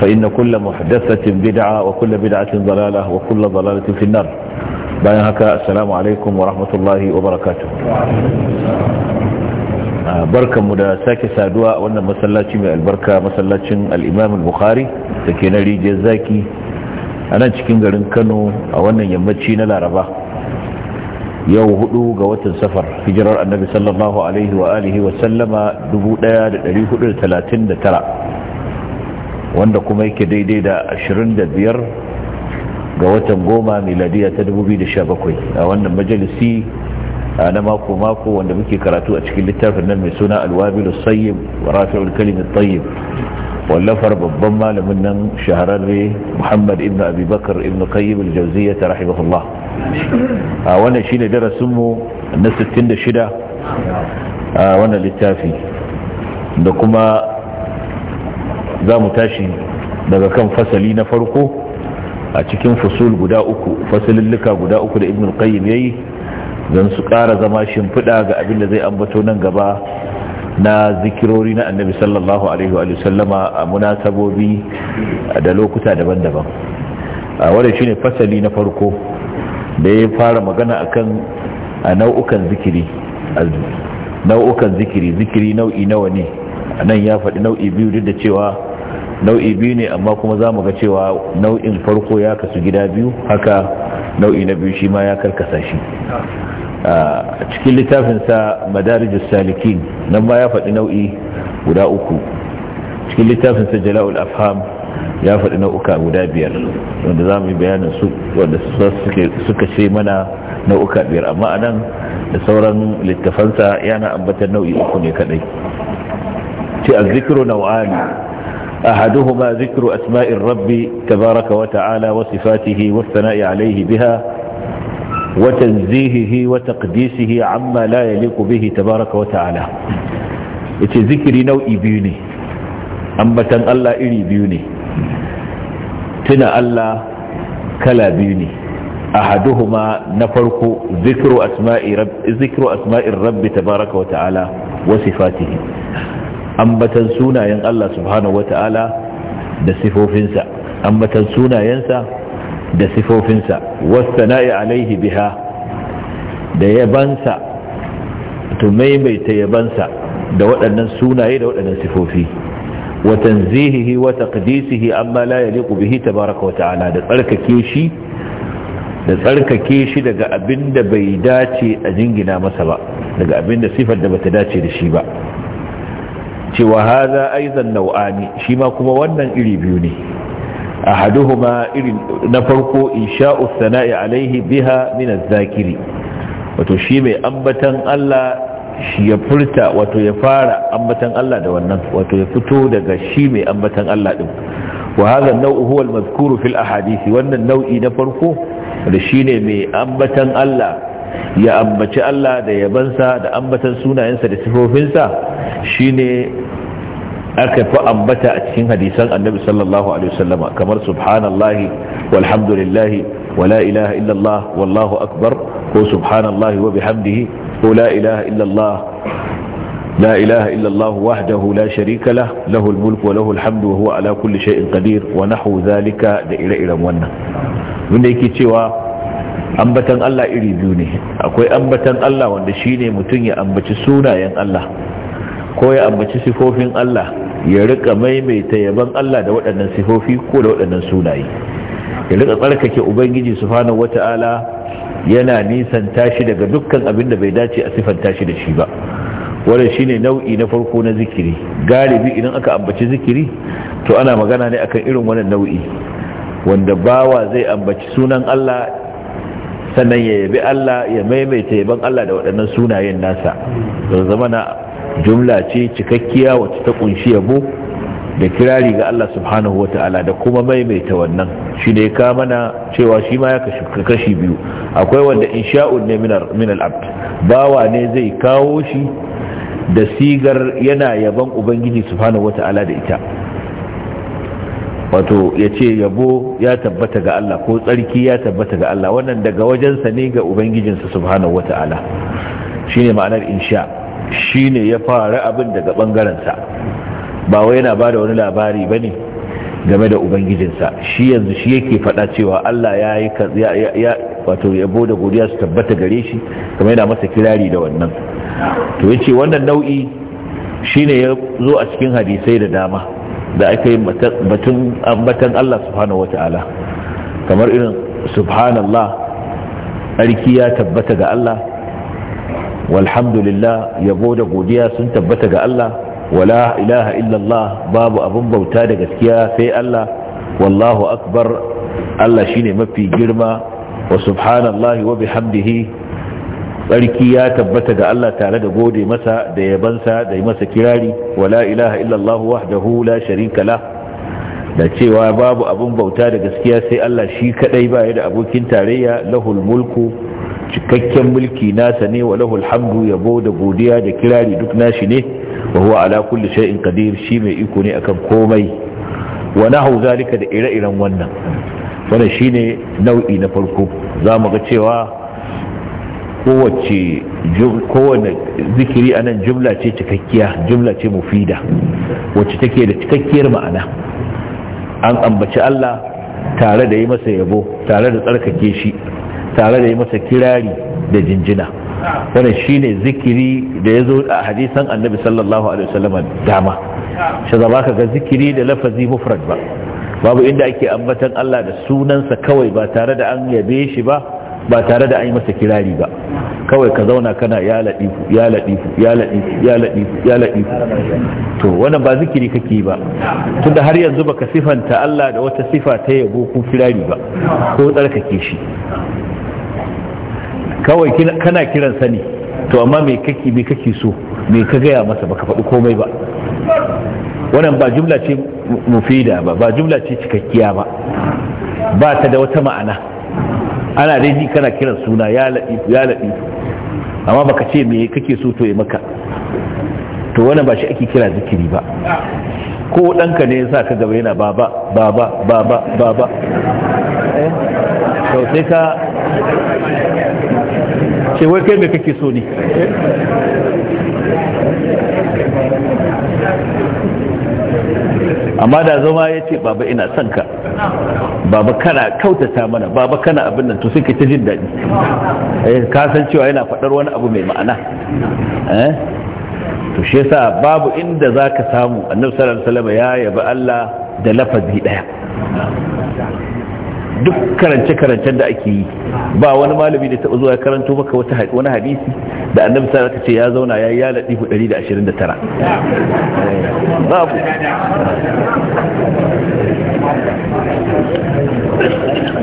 فإن كل محدثة bid'a وكل بدعة ضلالة وكل ضلالة في النار bayan haka assalamu alaikum wa rahmatullahi wa barakatu barkanmu da sake saduwa a wannan masallaci mai albarka masallacin al'imam al-bukhari da ke na rijiyar zaki anan cikin garin kano a wannan yammaci na laraba yau hudu ga watan safar hijirar annabi sallallahu alaihi wa alihi wa sallama 1439 wanda kuma yake daidai da 25 ga watan goma miladiya ta 2017 a wannan majalisi na mako-mako wanda muke karatu a cikin littafin nan mai suna alwabilu sayyib wa rafi'ul kalimin tayyib wallafar babban malamin nan shahararre muhammad ibn abubakar ibn Kayyub al ta rahimahullah a wannan shine darasinmu na 66 a wannan littafi da kuma za mu tashi daga kan fasali na farko a cikin fasul guda uku fasalilluka guda uku da ibn qayyim yayi don su ƙara zama shimfiɗa ga abin da zai ambato nan gaba na zikirori na annabi sallallahu alaihi wa sallama a munasabobi da lokuta daban-daban wadda shine fasali na farko da ya fara magana akan a nau'ukan zikiri nau'ukan zikiri zikiri nau'i nawa ne a nan ya faɗi nau'i biyu duk da cewa nau'i biyu ne amma kuma za mu ga cewa nau'in farko ya kasu gida biyu haka nau'i na biyu shi ma ya karkasa shi a cikin littafinsa madarijus salikin nan ma ya faɗi nau'i guda uku cikin littafinsa jala'ul afham ya faɗi nau'uka guda biyar wanda za mu yi bayanin su wanda suka ce mana nau'uka biyar amma a nan da sauran littafansa yana ambatar nau'i uku ne kaɗai ce a zikiro nau'ani أحدهما ذكر أسماء الرب تبارك وتعالى وصفاته والثناء عليه بها وتنزيهه وتقديسه عما لا يليق به تبارك وتعالى ذكر نوء بيوني أما تن الله إلي بيوني تن الله كلا بيوني أحدهما نفرق ذكر أسماء, رب ذكر أسماء الرب تبارك وتعالى وصفاته ambatan sunayen Allah subhanahu wata'ala da sifofinsa ambatan sunayensa da sifofinsa alaihi biha da yabansa to maimaita yabansa da waɗannan sunaye da waɗannan sifofi watan tanzihihi wata taqdisihi amma la yaliqu bihi tabaaraka wa ta'ala da tsarkake shi da tsarkake shi daga abinda bai dace a jingina masa ba daga abinda sifar da bata dace da shi ba cewa haza aizan nau'ani shi ma kuma wannan iri biyu ne ma irin na farko insha'u sana'i alaihi biha min zakiri wato shi mai ambatan Allah shi ya furta wato ya fara ambatan Allah da wannan wato ya fito daga shi mai ambatan Allah din wa hadha an-naw'u huwa al-madhkuru fil ahadith wannan nau'i na farko da shine mai ambatan Allah ya ambaci Allah da yabansa da ambatan sunayensa da sifofinsa shine aka fi ambata a cikin hadisan annabi sallallahu alaihi wasallama kamar subhanallahi walhamdulillahi wala ilaha illallah wallahu akbar ko subhanallahi wa bihamdihi ko la ilaha illallah لا إله إلا الله وحده لا شريك له له الملك وله الحمد وهو على كل شيء قدير ونحو ذلك da ire-iren wannan wanda yake cewa ambatan Allah iri biyu ne akwai ambatan Allah wanda shine mutum ya ambaci sunayen Allah ko ya ambaci sifofin Allah ya rika maimaita yaban Allah da waɗannan sifofi ko da waɗannan sunaye ya rika tsarkake ubangiji subhanahu wata'ala yana nisan tashi daga dukkan abin da bai dace a sifan tashi da shi ba wannan shine nau'i na farko na zikiri galibi idan aka ambaci zikiri to ana magana ne akan irin wannan nau'i wanda bawa zai ambaci sunan Allah sannan ya yabi Allah ya maimaita yaban Allah da waɗannan sunayen nasa zama jumla ce cikakkiya wacce ta kunshi yabo da kirari ga Allah subhanahu wa ta'ala da kuma maimaita wannan shi ne ka mana cewa shi ma ya kashi biyu akwai wanda insha'un ne min al'abd bawa ne zai kawo shi da sigar yana yaban ubangiji subhanahu wa ta'ala da ita wato ya ce yabo ya tabbata ga Allah ko tsarki ya tabbata ga Allah wannan daga wajensa ne ga ubangijinsa subhanahu wa ta'ala shi ne ma'anar insha' shi ne ya fara abin daga ɓangarensa ba wai yana ba da wani labari ba ne game da ubangijinsa shi yanzu shi yake faɗa cewa allah ya yi wato yabo da godiya su tabbata gare shi kamar yana masa kirari da wannan to ya ce wannan nau'i shi ne ya zo a cikin hadisai da dama da aka yi batun ambatan allah subhanahu ta'ala kamar irin subhanallah tsarki ya tabbata ga allah walhamdulillah yabo da godiya sun tabbata ga Allah wala ilaha illallah babu abun bauta da gaskiya sai Allah wallahu akbar Allah shine mafi girma wa subhanallahi wa bihamdihi tsarki ya tabbata ga Allah tare da gode masa da yabansa da yi masa kirari wala ilaha illallah wahdahu la sharika la da cewa babu abun bauta da gaskiya sai Allah shi kadai ba ya da abokin tarayya lahul mulku cikakken mulki nasa ne wa lahul hamdu yabo da godiya da kirari duk nashi ne wa huwa ala kulli shay'in qadir shi mai iko ne akan komai wa nahu zalika da ire-iren wannan wannan shine nau'i na farko zamu ga cewa kowace kowane zikiri anan jumla ce cikakkiya jumla ce mufida wacce take da cikakkiyar ma'ana an ambaci Allah tare da yi masa yabo tare da tsarkake shi tare da yi masa kirari da jinjina wannan shine zikiri da ya zo a hadisan annabi sallallahu alaihi wasallam dama shi za ka ga zikiri da lafazi mufrad ba babu inda ake ambatan Allah da sunansa kawai ba tare da an yabe shi ba ba tare da an yi masa kirari ba kawai ka zauna kana ya ladifu ya ladifu ya ladifu ya ladifu ya ladifu to wannan ba zikiri kake ba tunda har yanzu baka sifanta Allah da wata sifa ta yabo ko kirari ba ko tsarkake shi kawai kana kiran sani to amma me kake mai kake so me ka gaya masa baka faɗi komai ba wannan ba jumla ce mufida ba ba jumla ce cikakkiya ba ba ta da wata ma'ana ana dai ji kana kiran suna ya laɗi ya laɗi amma baka ce me kake so to ya maka to wannan ba shi ake kira zikiri ba ko ɗanka ne ya sa ka gaba yana baba baba baba baba sau eh? sai ka ce wai kai me kake so ne amma da zama ya ce baba ina son ka baba kana kautata mana baba kana abin nan to suke ta jin daɗi eh, ka san cewa yana faɗar wani abu mai ma'ana eh? to shi yasa babu inda za ka samu annabi sallallahu alaihi wasallam ya yaba Allah da lafazi ɗaya duk karance-karancen da ake yi ba wani malami da taɓa zuwa karanto maka wani hadisi da annabi sa ka ce ya zauna ya yi ya 129 babu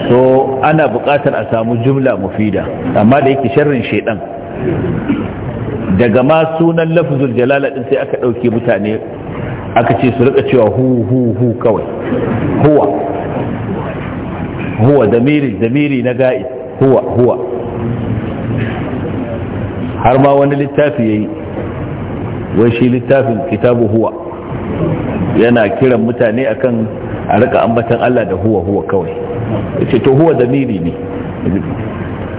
so ana buƙatar a samu jumla mufida amma da yake sharrin shaidan daga ma sunan lafzul jalala din sai aka ɗauke mutane aka ce su rika cewa hu hu hu kawai huwa huwa damiri damiri na ga'i huwa huwa har ma wani littafi yayi wai shi littafin kitabu huwa yana kiran mutane akan a rika ambatan Allah da huwa huwa kawai yace to huwa damiri ne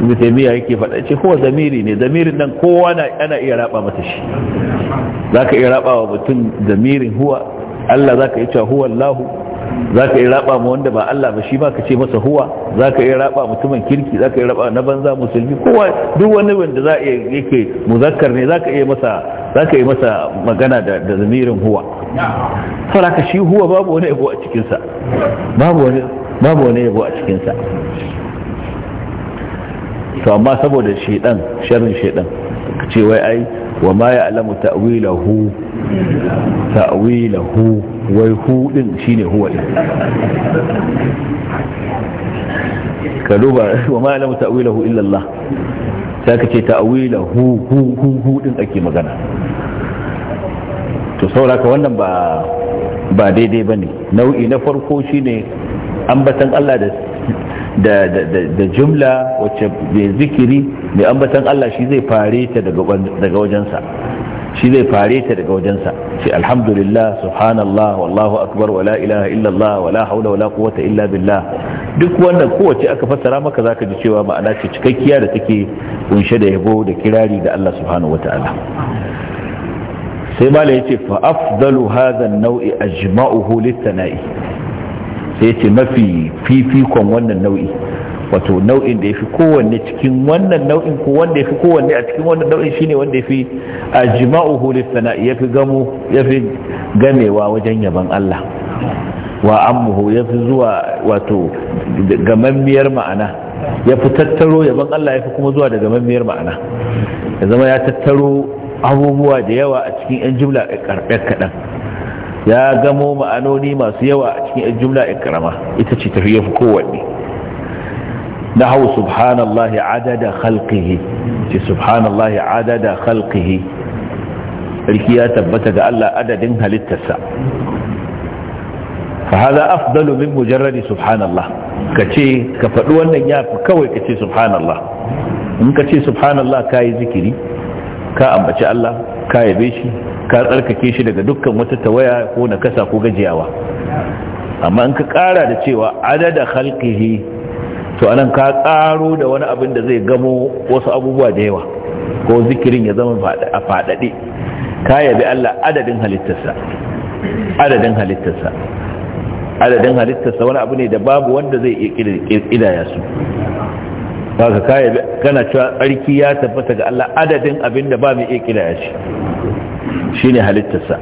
ibn taymiya yake faɗa ce kowa zamiri ne kowa ana iya raba mata shi iya raba wa mutum zamirin huwa Allah zaka iya cewa huwa za ka iya raba mu wanda ba Allah ba shi ma ka ce masa huwa za ka iya raba mutumin kirki za ka iya raba na banza musulmi kowa duk wani wanda za a yake muzakkar ne za ka iya masa za ka iya masa magana da zamirin huwa ka shi huwa babu wani yabo a cikin sa babu wani babu wani yabo a cikin sa to amma saboda shedan sharrin shedan ka ce wai ai wa ma ya'lamu ta'wilahu ta'wilahu wai hudin shi shine huwa din ka duba wa ma mu ta'awila hu illallah sai ka ce ta'awila hu hu hu ake magana to sauraka wannan ba ba daidai nau'i na farko shine ambatan Allah da da da jumla wacce mai zikiri mai ambatan Allah shi zai fare ta daga wajensa shi zai fare ta daga wajensa sai alhamdulillah subhanallah wallahu akbar wala ilaha illallah wala haula wala quwwata illa billah duk wanda kowace aka fassara maka zaka ji cewa ma'ana ce cikakkiya da take kunshe da yabo da kirari da Allah subhanahu wataala sai mala yace fa afdalu hadha an-naw'i ajma'uhu lit-tana'i sai yace mafi fifikon wannan nau'i wato nau'in da ya fi kowanne cikin wannan nau'in ko wanda ya fi kowanne a cikin wannan nau'in shine wanda ya fi a jima'uhu lissana'i ya fi ya fi gamewa wajen yaban Allah wa ammuhu ya fi zuwa wato gamammiyar ma'ana ya fi tattaro yaban Allah ya fi kuma zuwa da gamammiyar ma'ana ya zama ya tattaro abubuwa da yawa a cikin 'yan jumla kaɗan ya gamo ma'anoni masu yawa a cikin 'yan jumla ƙarama ita ce tafiye fi kowanne na hau subhanallahi adada khalqihi ce subhanallahi adada khalqihi sarki ya tabbata ga Allah adadin halittarsa fa hada afdalu min mujarradi subhanallah kace ka faɗi wannan yafi kawai kace subhanallah in kace subhanallah kai zikiri ka ambaci Allah ka yabe shi ka tsarkake shi daga dukkan wata tawaya ko na kasa ko gajiyawa amma in ka ƙara da cewa adada khalqihi to anan ka karo da wani abin da zai gamo wasu abubuwa da yawa ko zikirin ya zama a fadade. ka yabi Allah adadin halittarsa adadin halittarsa adadin halittarsa wani abu ne da babu wanda zai iya ƙidaya su baka ka yabi kana cewa tsarki ya tabbata ga Allah adadin abin da ba mai iya ƙidaya shi shine halittarsa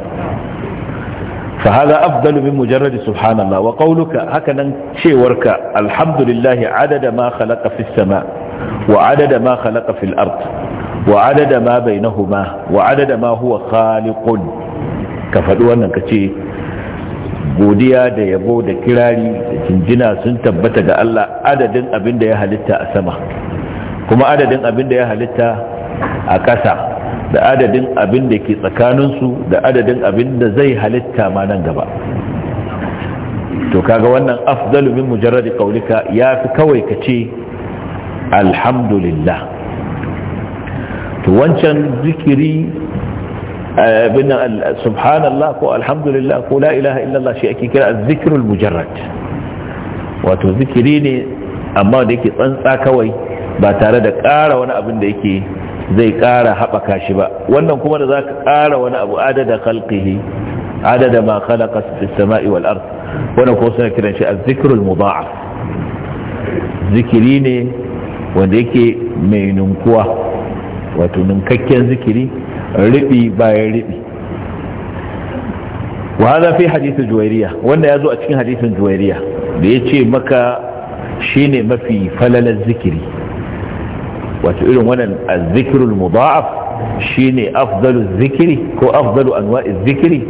fa hada afdalu min mujarrad subhanallah wa qawluka hakanan cewarka alhamdulillah adada ma khalaqa fis sama wa adada ma khalaqa wa adada bainahuma wa adada ma huwa khaliqun ka faɗi wannan ka ce godiya da yabo da kirari da jinjina sun tabbata da Allah adadin abin da ya halitta a sama kuma adadin abin da ya halitta a ƙasa da adadin abin da ke tsakaninsu da adadin abin da zai halitta ma nan gaba to kaga wannan afdalu min mujarradi qaulika yafi kawai kace alhamdulillah to wancan zikiri abin eh, subhanallah ko alhamdulillah ko la ilaha illallah shi ake kira zikrul mujarrad wato zikiri ne amma da yake tsantsa kawai ba tare da ƙara wani abin da yake zai ƙara haɓaka shi ba wannan kuma da za ka ƙara wani abu adada kalƙihi adada ma khalaqa fi sama'i wal ard wannan ko suna kiran shi az-zikrul mudha'af zikiri ne wanda yake mai ninkuwa wato ninkakken zikiri ribi bayan ribi wa hada fi hadith juwairiya wanda yazo a cikin hadithin juwairiya da yace maka shine mafi falalar zikiri wato irin wannan azzikirul mudha'af shine afdalu zikiri ko afdalu anwa'i zikiri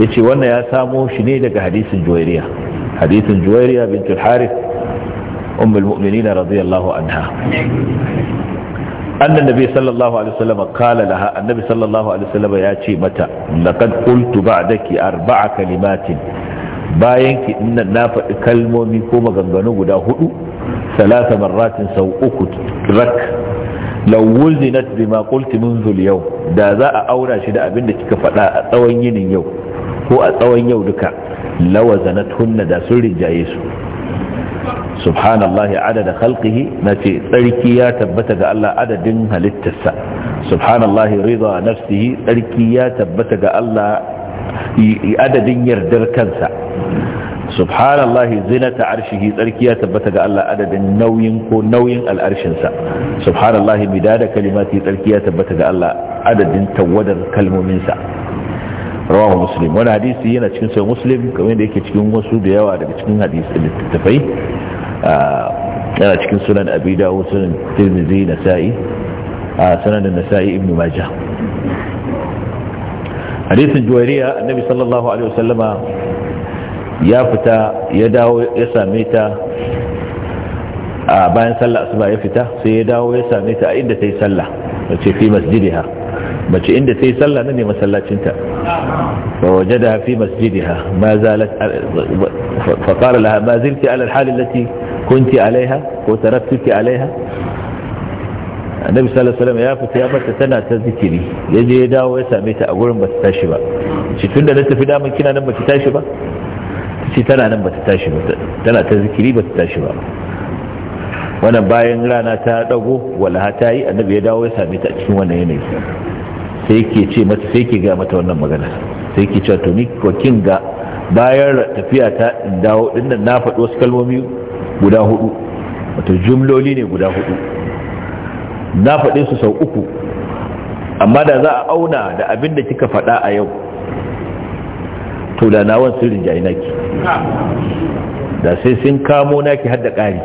yace wannan ya samo shi ne daga hadisin juwairiya hadisin juwairiya bintul umar ummul mu'minin radiyallahu anha أن النبي صلى الله عليه وسلم قال لها النبي صلى الله عليه وسلم يا متى لقد قلت بعدك أربع كلمات bayanki ina na faɗi kalmomi ko maganganu guda hudu salasa marratin sau uku rak lawuzinat wuzinat bima qulti منذ yau da za a aura shi da abin da kika faɗa a tsawon yinin yau ko a tsawon yau duka lawazanat hunna da sun rinjaye su subhanallahi adada khalqihi nace tsarki ya tabbata ga Allah adadin halittarsa subhanallahi rida nafsihi tsarki ya tabbata ga Allah adadin yardar kansa subhanallahi zinata arshihi tsarki ya tabbata ga Allah adadin nauyin ko nauyin al'arshinsa subhanallahi midada kalimati tsarki ya tabbata ga Allah adadin tawadar kalmominsa rawahu muslim wani hadisi yana cikin sai muslim kamar da yake cikin wasu da yawa daga cikin hadisi littattafai ah, yana cikin sunan abi dawud sunan tirmidhi nasa'i ah, sunan nasa'i ibnu majah hadisin juwairiya annabi sallallahu alaihi wasallama ya fita ya dawo ya same ta a bayan sallah asuba ya fita sai ya dawo ya same ta a inda ta yi sallah mace fi masjidiha mace inda ta yi sallah na ne masallacinta ba waje da fi masjidiha ma zalat faƙar laha ma zirki alal halin lati kunti alaiha ko taraktuki alaiha annabi sallallahu alaihi wasallam ya fita ya fata tana ta zikiri ya ya dawo ya same ta a gurin ba ta tashi ba shi tunda na tafi daman kina nan ba ta tashi ba sai tana nan bata tashi ba tana ta zikiri bata tashi ba wannan bayan rana ta dago wala ta yi annabi ya dawo ya same ta a cikin wannan yanayi sai yake ce mata sai yake ga mata wannan magana sai yake cewa to ni ko kin ga bayan tafiya ta dawo dinnan na faɗi wasu kalmomi guda hudu wato jumloli ne guda hudu na faɗe su sau uku amma da za a auna da abin da kika faɗa a yau to da nawan sun rinjaye naki da sai sun kamo naki har da ƙari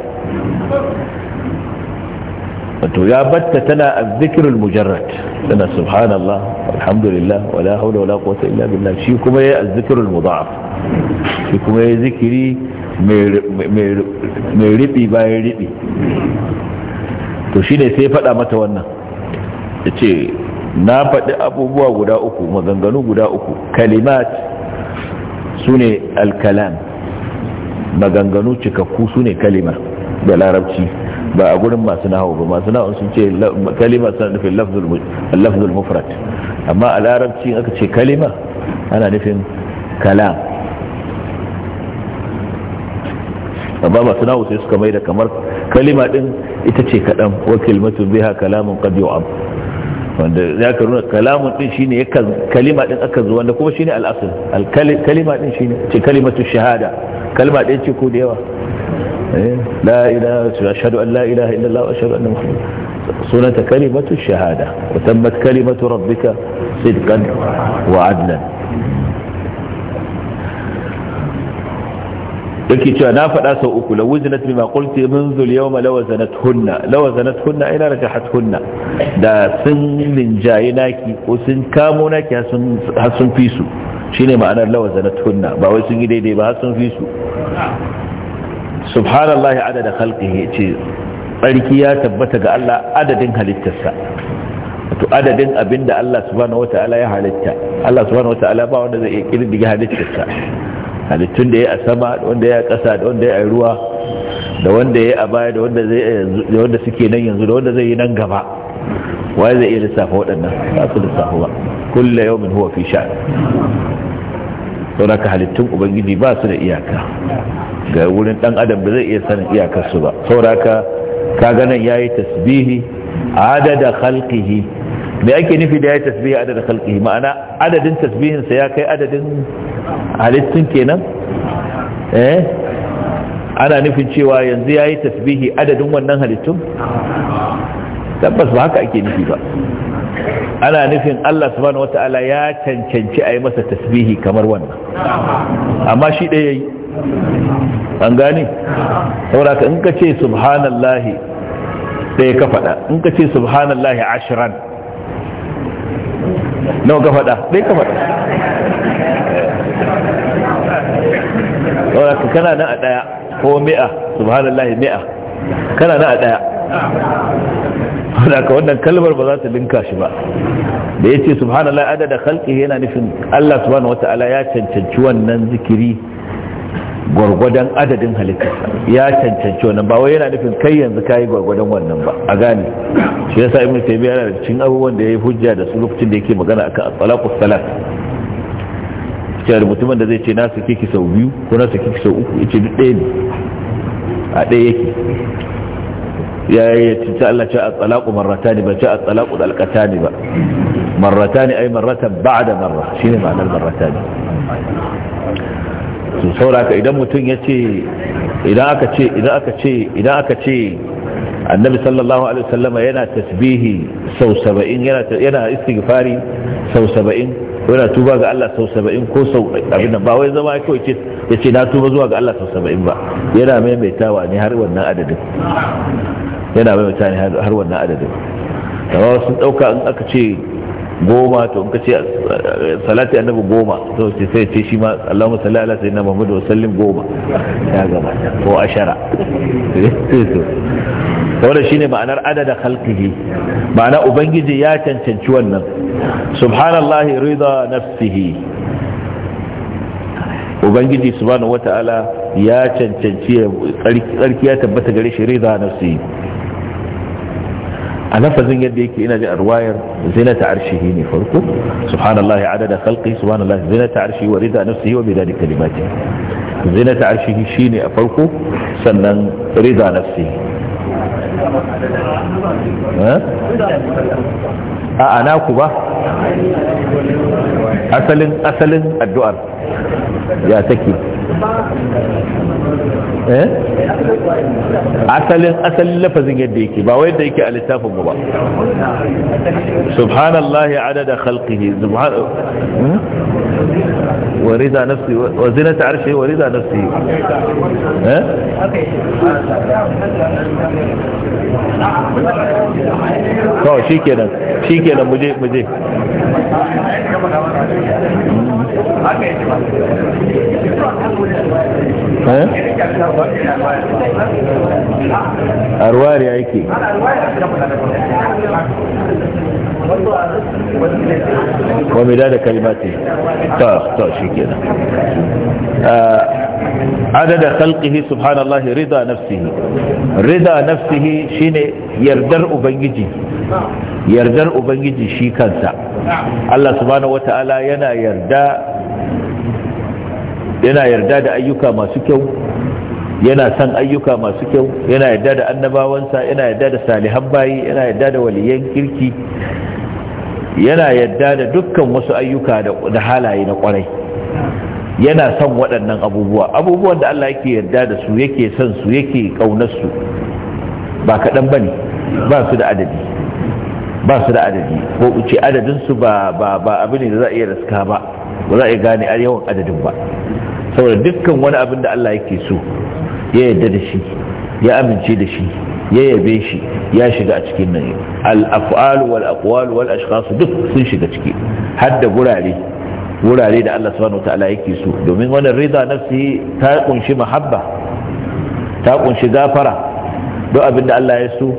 wato ya batta tana a zikirul mujarrad tana subhanallah alhamdulillah wala haula wala quwwata illa billah shi kuma yayi azzikirul mudha'af shi kuma yayi zikiri mai ribi bayan ribi to shine sai faɗa mata wannan yace na faɗi abubuwa guda uku maganganu guda uku kalimat su ne alkalam maganganu cikakku su ne kalima da larabci ba a gurin masu nahawu ba masu nahawu sun ce kalima suna nufin lafzul mufrat amma a larabci aka ce kalima ana nufin kalam amma masu nahawu sai suka mai da kamar kalima din ita ce kaɗan wakil mutum biya kalamun qad yu'am wanda ya ka nuna kalamun din shine ya kalima din aka zo wanda kuma shine al'asir kalima din shine ce kalimatu shahada kalma din ce ko da yawa eh, an kalimatu shahada kalimatu rabbika sidqan wa adlan yake cewa na faɗa sau uku la wuzinat bima qulti منذ اليوم لوزنت هن لوزنت هن اين رجحت هن da sun linjaye naki ko sun kamo naki har sun fi su shine ma'anar lawazanat hunna ba wai sun yi daidai ba har sun fi su subhanallahi adada khalqihi ce tsarki ya tabbata ga Allah adadin halittarsa to adadin abinda Allah subhanahu wataala ya halitta Allah subhanahu wataala ba wanda zai iya kirdige halittarsa halittun da ya a sama da wanda ya a ƙasa da wanda ya a ruwa da wanda ya a baya da wanda suke nan yanzu da wanda zai yi nan gaba waye zai iya lissafa waɗannan ba su lissafa ba kulle yau min huwa fi sha sauraka halittun ubangiji ba su da iyaka ga wurin ɗan adam ba zai iya sanin iyakarsu ba sauraka ka ganin ya yi tasbihi adada halkihi me ake nufi da ya yi tasbihi adada halkihi ma'ana adadin tasbihinsa ya kai adadin halittun kenan eh ana nufin cewa yanzu ya yi tasbihi adadin wannan halittun tabbas ba haka ake nufi ba ana nufin Allah subhanahu wata'ala ya cancanci a yi masa tasbihi kamar wannan amma shi ɗaya yi an gani? sauraka in ka ce subhanallahi ɗaya ka faɗa in ka ce subhanallahi ashiran nawa ka faɗa ɗaya ka faɗa saboda ka kana nan a daya ko mi'a subhanallahi mi'a kana nan a daya saboda wannan kalmar ba za ta linka shi ba da yace subhanallahi adada khalqi yana nufin Allah subhanahu wataala ya cancanci wannan zikiri gwargwadon adadin halittarsa ya cancanci wannan ba wai yana nufin kai yanzu yi gwargwadon wannan ba a gane shi yasa ibnu taymiya yana da cikin abubuwan da yayi hujja da su lokacin da yake magana akan at-talaqus salat cewa mutumin da zai ce na sake sau biyu ko na sake sau uku ya ce duk ɗaya ne a ɗaya yake ya yi ce ta Allah ce a tsalaku marrata ne ba ce a tsalaku da alkata ne ba marrata ne ai marrata ba da marra shi ne ma'anar marrata ne su sauraka idan mutum ya ce idan aka ce idan aka ce idan aka ce annabi sallallahu alaihi wasallama yana tasbihi sau saba'in yana istighfari sau saba'in yana tuba ga Allah sau saba'in ko sau abin da ba wai zama ya kawai ya ce na tuba zuwa ga Allah sau saba'in ba yana maimaitawa ne har wannan adadin yana maimaita ne har wannan adadin amma wasu ɗauka in aka ce goma to in ka ce eh, salati annabi goma to ce sai ce shi ma Allahumma salli ala sayyidina Muhammad wa sallim goma ya gaba ko ashara eh, eh, shi ne ma'anar adada khalqihi ma'ana ubangiji ya cancanci wannan subhanallah rida nafsihi ubangiji subhanahu wata'ala ya cancanci tsarki ya tabbata gare shi rida nafsihi a lafazin yadda yake ina ji a ruwayar zinata arshihi ne farko subhanallah adada khalqi subhanallahi zinata arshihi wa rida nafsihi wa bidani kalimati zinata arshihi shine a farko sannan rida nafsihi Eh? a ana ku ba asalin asalin addu'ar ya take asalin asalin lafazin yadda yake ba wai yadda yake a littafin mu ba subhanallahi adada khalqihi subhan wa rida nafsi wa zinata arshi wa rida nafsi eh to shikenan shikenan muje muje eh a yake wa da kalimati ta ta shi kenan ah, adada khalqihi subhanallahi rida nafsihi rida nafsihi shine yardar ubangiji yardar ubangiji shi kansa Allah subhanahu wataala yana yarda yana yarda da ayyuka masu kyau yana son ayyuka masu kyau yana yadda da annabawansa yana yadda da salihan bayi yana yadda da waliyan kirki yana yadda da dukkan wasu ayyuka da halaye na kwarai yana son waɗannan abubuwa abubuwan da Allah yake yadda da su yake son su yake ƙaunar ba kaɗan ba ne ba su da adadi ba su da adadi ko uce adadinsu ba ba abu da za a iya raska ba ba za a iya gane yawan adadin ba saboda dukkan wani abin da Allah yake so ya yarda da shi ya amince da shi ya yabe shi ya shiga a cikin nan al-af'al wal duk sun shiga ciki har da gurare gurare da Allah subhanahu wataala yake so domin wannan rida nafsi ta kunshi mahabba ta kunshi gafara duk abinda Allah ya so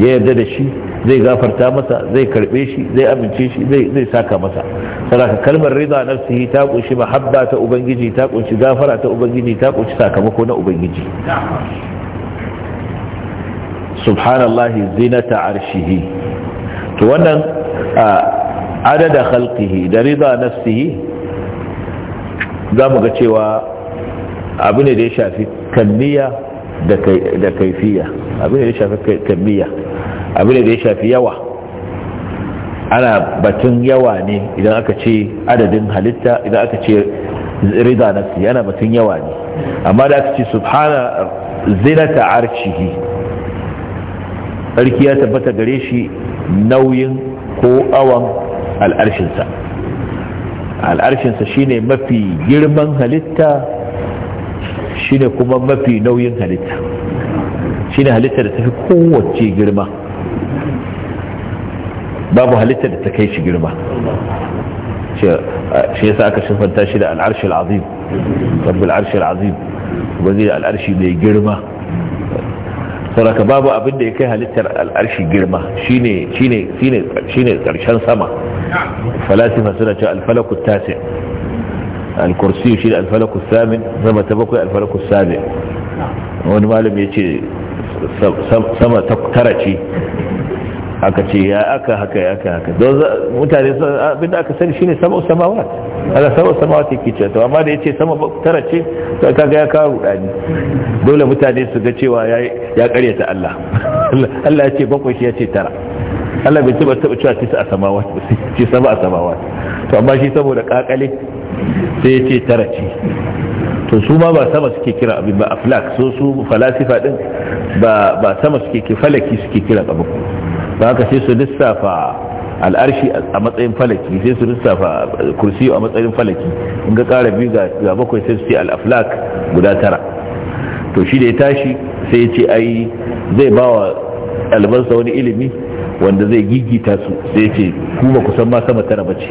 ya yarda da shi zai gafarta masa zai karbe shi zai amince shi zai saka masa saboda kalmar rida nafsihi ta kunshi mahabba ta ubangiji ta kunshi gafara ta ubangiji ta kunshi sakamako na ubangiji subhanallah zinata arshihi to wannan adada khalqihi da rida nafsihi zamu ga cewa abu ne da ya shafi kammiya da kaifiya abu ne da ya shafi kammiya abu ne da ya shafi yawa ana batun yawa ne idan aka ce adadin halitta idan aka ce rida nafsi ana batun yawa ne amma da aka ce subhana zinata arshihi sarki ya tabbata gare shi nauyin ko awan al'arshinsa al'arshinsa shine mafi girman halitta shine kuma mafi nauyin halitta shine halitta da tafi kowace girma babu halitta da ta kai shi girma shi yasa aka shifanta shi da al'arshi al'azim rabbul al'arshi al'azim wani da al'arshi mai girma sauraka babu abin da ya kai halittar al'arshi girma shine shine shine shine karshen sama falasifa suna cewa al-falaku tasi al shi da al-falaku samin zama ta bakwai al-falaku samin wani malam ya ce sama ta tara ce aka ce ya aka haka ya aka haka don mutane abinda aka sani shine sama samawat ana sama samawat yake ce to amma da yace sama tara ce to kaga ya kawo rudani dole mutane su ga cewa ya ya karyata Allah Allah ya ce bakwai shi ya ce tara Allah bai taba taba cewa tisa a samawat ba ce sama a samawat to amma shi saboda kakale sai ya ce tara ce to su ma ba sama suke kira abin ba aflak so su falasifa din ba ba sama suke ke falaki suke kira abin baka sai su lissafa al'arshi a matsayin falaki sai su lissafa kursi a matsayin falaki in ga kara biyu ga bakwai sai su ce al'aflak guda tara to shi da ya tashi sai ya ce ai zai ba wa ɗalibansa wani ilimi wanda zai gigita su sai ya ce kuma kusan ma sama tara bace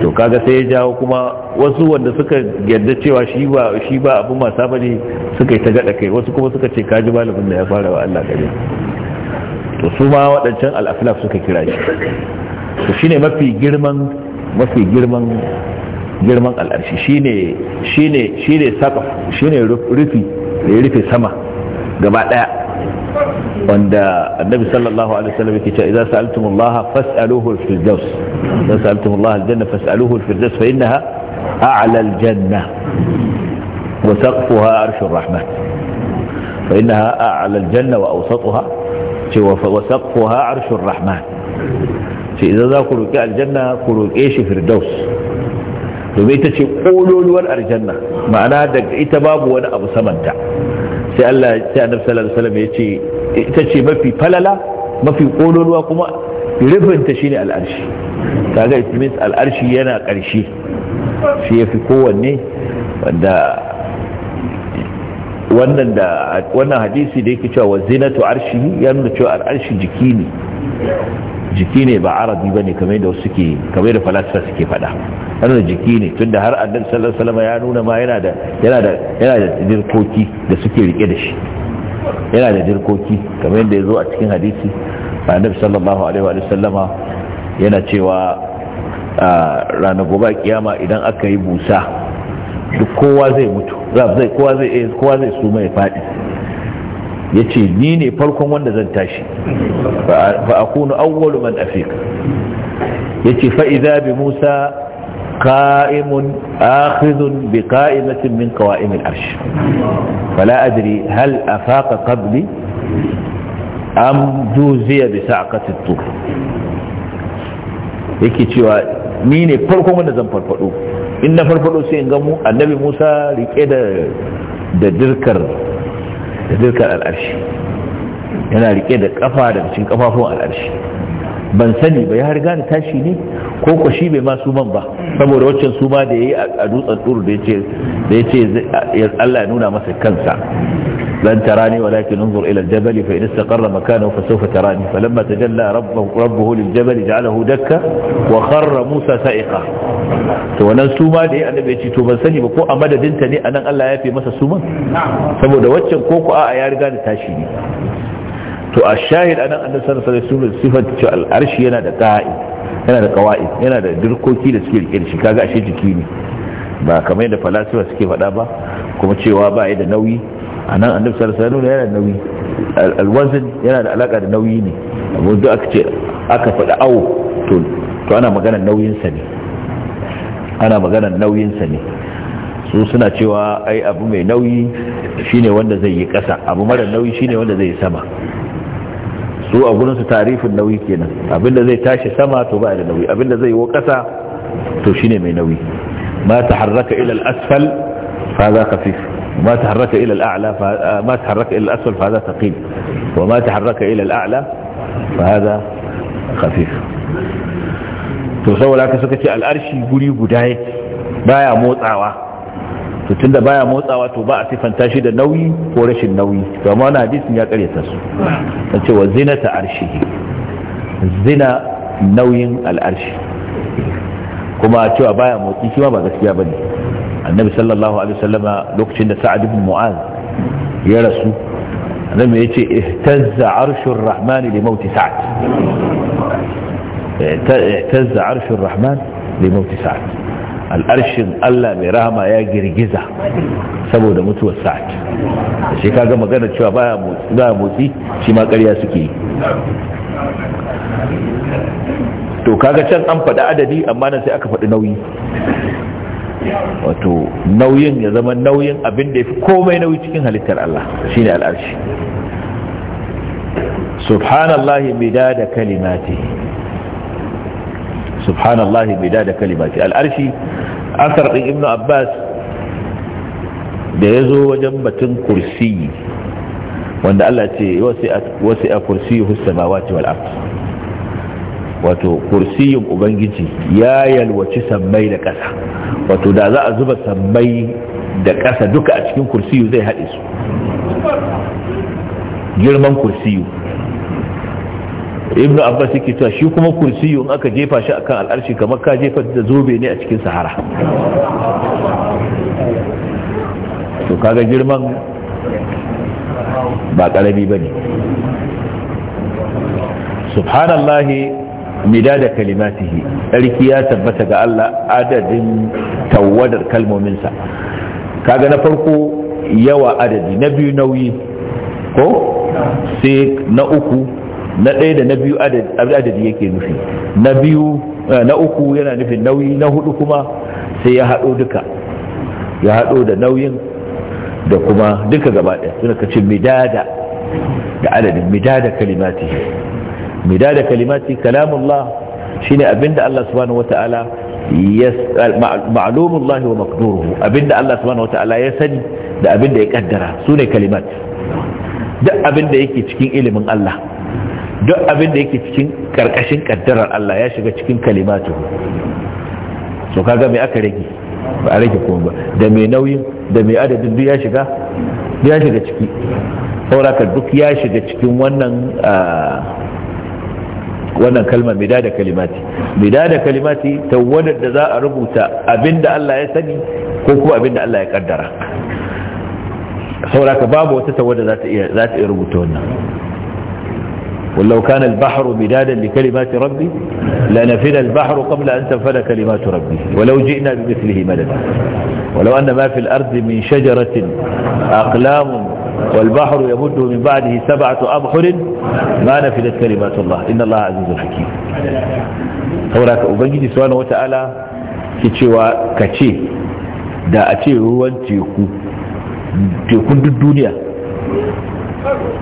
to kaga sai ya jawo kuma wasu wanda suka yarda cewa shi ba shi ba abin masa bane suka yi ta gada kai wasu kuma suka ce kaji malamin da ya fara wa Allah gare to su ma waɗancan al'aflaf suka kira shi to shine mafi girman mafi girman girman al'arshi shine shine shine saqaf shine rufi da ya rufe sama gaba daya wanda annabi sallallahu alaihi wasallam yake cewa idza sa'altumullaha fas'aluhu al-firdaus idza sa'altumullaha al-janna fas'aluhu al-firdaus fa innaha a'la al-janna wa saqfuha arshur rahman fa innaha a'la al-janna wa awsatuha ce wa saqfuha arshin rahman ce idan za ku roƙi aljanna ku roƙe shi firdaus domin ita ce ƙololuwar aljanna ma'ana daga ita babu wani abu samanta sai Allah sai annabi sallallahu alaihi wasallam ya ce ita ce mafi falala mafi ƙololuwa kuma rufinta shine al'arshi kaga it means al'arshi yana ƙarshe shi yafi kowanne wanda wannan da wannan hadisi da yake cewa wa zinatu arshihi ya nuna cewa arshi jiki ne jiki ne ba arabi ne kamar da wasu suke kamar da falasifa suke fada yana jiki ne tunda har annabi sallallahu alaihi ya nuna ma yana da yana da yana da dirkoki da suke rike da shi yana da dirkoki kamar da ya zo a cikin hadisi annabi sallallahu alaihi wa sallama yana cewa ah, ranar gobe kiyama idan aka yi busa duk kowa zai mutu zai kowa zai eh, kowa zai suma ya faɗi ya ce ni ne farkon wanda zan tashi fa kunu awwalu man afika ya ce fa'iza bi musa قائم آخذ بقائمة من قوائم الأرش فلا أدري هل أفاق قبلي أم جوزي بسعقة الطور yake cewa ni ne farkon wanda zan farfado in na farfado sai in ga mu annabi musa rike da da dirkar al'arshi yana rike da kafa da cikin kafafun al'arshi ban sani ba ya riga da tashi ne ko ko shi bai ma suman ba saboda waccan suma da yayi a dutsen turu da yace da yace Allah ya nuna masa kansa lan tarani walakin unzur ila al-jabal fa in istaqarra makanahu fa sawfa tarani falamma tajalla rabbuhu rabbuhu lil-jabal ja'alahu dakka wa kharra Musa sa'iqa to wannan suma da yayi annabi yace to ban sani ba ko a madadin ta ne anan Allah ya fi masa suman saboda waccan ko ko a'a ya riga da tashi ne to a shahid anan annabi sallallahu alaihi wasallam sifatu al-arshi yana da qa'i yana da kawai yana da dirkoki da suke rike da shi kaga ashe jiki ne ba kamar yadda falasifa suke faɗa ba kuma cewa ba ya da nauyi a nan annabi sallallahu alaihi yana da nauyi alwazin yana da alaka da nauyi ne abu duk aka ce aka faɗa awo to to ana magana nauyin sa ne ana magana nauyin sa ne su suna cewa ai abu mai nauyi shine wanda zai yi ƙasa abu mara nauyi shine wanda zai yi sama su a gurin su tarifin nauyi kenan abinda zai tashi sama to ba da nauyi abinda zai wo kasa to shine mai nauyi ma taharraka ila al-asfal fa za khafif ma taharraka ila al-a'la fa ma taharraka ila al-asfal fa za thaqil wa ma taharraka ila al-a'la fa hada khafif to saboda haka suka ce al-arshi guri guda yake baya motsawa to tunda baya motsawa to ba a tifanta shi da nauyi ko rashin nauyi to amma wannan hadisin ya kare ta su ta wa zinata arshi zina nauyin al'arshi kuma cewa baya motsi shi ma ba gaskiya bane annabi sallallahu alaihi wasallama lokacin da sa'ad ibn mu'az ya rasu annabi ya ce ihtazza arshur rahman li mauti sa'ad ihtazza arshur rahman li mauti sa'ad al'arshin Allah mai rahama ya girgiza saboda mutuwar sa'ad shi kaga magana cewa baya motsi motsi shi ma ƙarya suke to kaga can an faɗi adadi amma nan sai aka faɗi nauyi wato nauyin ya zama nauyin abin da ya fi komai nauyi cikin halittar Allah shine al'arshi subhanallahi midada kalimatihi subhanallahi bida da kalimati al'arshi asar din ibnu abbas da ya zo wajen batun kursi wanda Allah ce wasu a kursi samawati wal ard wato kursiyin ubangiji ya yalwaci sammai da ƙasa wato da za a zuba sammai da ƙasa duka a cikin kursiyu zai haɗe su girman kursiyu ibn abbas yake cewa shi kuma kursiyu in aka jefa shi akan al'arshi kamar ka jefa da zobe ne a cikin sahara to kaga girman ba karami bane subhanallahi midada kalimatihi ɗarki ya tabbata ga Allah adadin tawadar kalmominsa kaga na farko yawa adadi na biyu nauyi ko sai na uku na ɗaya da na biyu adadi yake nufi na biyu eh, na uku yana nufin nauyi na hudu kuma sai ya haɗo duka ya haɗo da nauyin da kuma duka gaba ɗaya suna kace midada da adadin midada kalimati midada kalimati kalamullah shine abinda Allah subhanahu wataala ya ma'lumullahi wa maqduruhu abinda Allah subhanahu wataala ya sani da abinda ya kaddara su ne kalimat duk abinda yake cikin ilimin Allah duk abin da yake cikin karkashin kaddarar Allah ya shiga cikin kalimatu so kaga me aka rage ba a rage kuma ba da mai nauyin da mai adadin duk ya shiga ya shiga ciki sauraka duk ya shiga cikin wannan wannan kalmar mida da kalimati mida da kalimati ta wadda da za a rubuta abinda Allah ya sani ko kuma abinda Allah ya kaddara sauraka babu wata tawadda za ta iya rubuta wannan ولو كان البحر مدادا لكلمات ربي لنفد البحر قبل أن تنفد كلمات ربي ولو جئنا بمثله مددا ولو أن ما في الأرض من شجرة أقلام والبحر يمد من بعده سبعة أبحر ما نفدت كلمات الله إن الله عزيز حكيم هناك أبنجي سبحانه وتعالى كتشوا كتشي دا a هو ruwan تيكو tekun الدنيا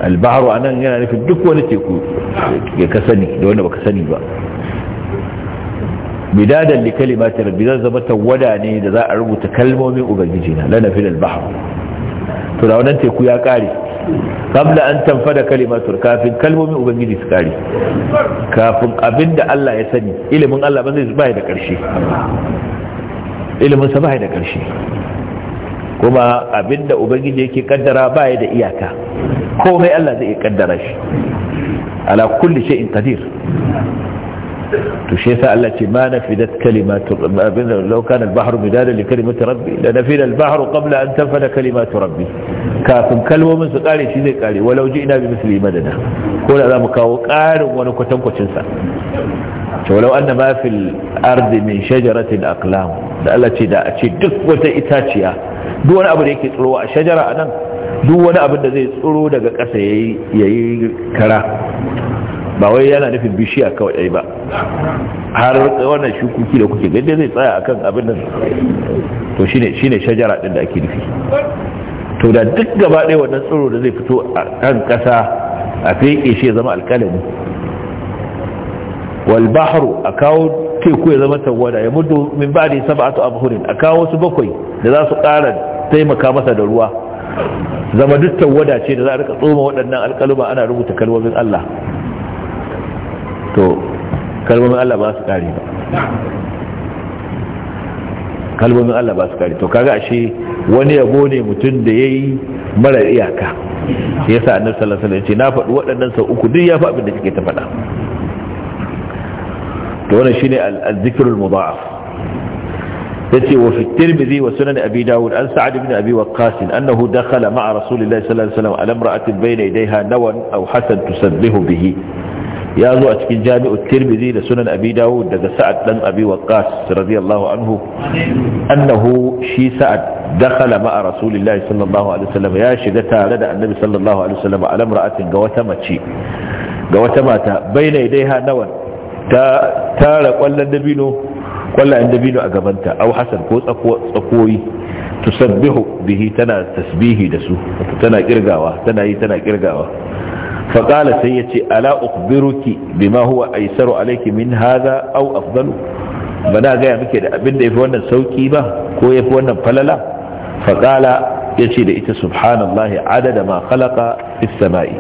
albaharu anan yana nufin duk wani teku ya ka sani da wanda ba ka sani ba bidadan li kalimati rabbi zan zama tawada ne da za a rubuta kalmomin ubangiji na lana fil albahr to da wannan teku ya kare qabla an da kalimatul kafin kalmomin ubangiji su kare kafin abinda Allah ya sani ilimin Allah ba zai ba da ƙarshe. ilimin sa ba da karshe kuma abinda ubangiji yake kaddara baya da iyaka komai Allah zai kaddara shi ala kulli shay'in qadir to shi yasa Allah ce ma nafidat kalimatu abinda law kana al-bahru midada li kalimati rabbi la nafida al-bahru qabla an tanfada kalimatu rabbi kafin kalmomin su kare shi zai kare walau ji ina bi misli madada ko da zamu kawo karin wani kwatankwacin sa to walau anna ma fil ardi min shajaratin aqlam da Allah ce da a ce duk wata itaciya duk wani abu da yake tsoro a shajara a nan duk wani abin da zai tsiro daga ƙasa ya yi kara ba wai yana nufin bishiya kawai ɗai ba har wannan shukuki da kuke gande zai tsaya a kan abin nan to shi ne shajara ɗin da ake nufi to da duk gaba ɗaya wannan tsoro da zai fito a kan ƙasa a feƙe shi ya zama alƙalami walbaharu a kawo teku ya zama tawada ya mudu min ba da sab'atu abhurin a kawo wasu bakwai da za su ƙara taimaka masa da ruwa zama duk tawada ce da za a rika tsoma waɗannan alƙaluma ana rubuta kalmomin Allah to kalmomin Allah ba su ƙare ba kalmomin Allah ba su ƙare to kaga ashe wani yabo ne mutum da yayi mara iyaka yasa annabi sallallahu alaihi wasallam ya ce na faɗi waɗannan sau uku duk ya faɗi da kike ta faɗa to shi ne al-zikrul ya ce wa fi tirmidhi wa sunan abi daud an sa'ad ibn abi waqqas annahu dakhala ma'a rasulillahi sallallahu alaihi wasallam ala imra'atin bayna yadayha nawan aw hasan tusabbihu bihi ya zo a cikin jami'u tirmidhi da sunan abi dawud daga sa'ad dan abi waqqas radiyallahu anhu annahu shi sa'ad dakhala ma'a rasulillahi sallallahu alaihi wasallam ya shiga tare da annabi sallallahu alaihi wasallam ala imra'atin ga wata mace ga wata mata baina idaiha nawan ta tara kwallon dabino dabino a gabanta au hasan ko tsakoyi tusabbihu bihi tana tasbihi da su tana kirgawa tana yi tana kirgawa faƙala sai yace ala ukhbiruki bima huwa aisaru alayki min hadha au afdalu bana na gaya muke da abin da yafi wannan sauki ba ko yafi wannan falala faƙala yace da ita subhanallahi adada ma khalaqa fis sama'i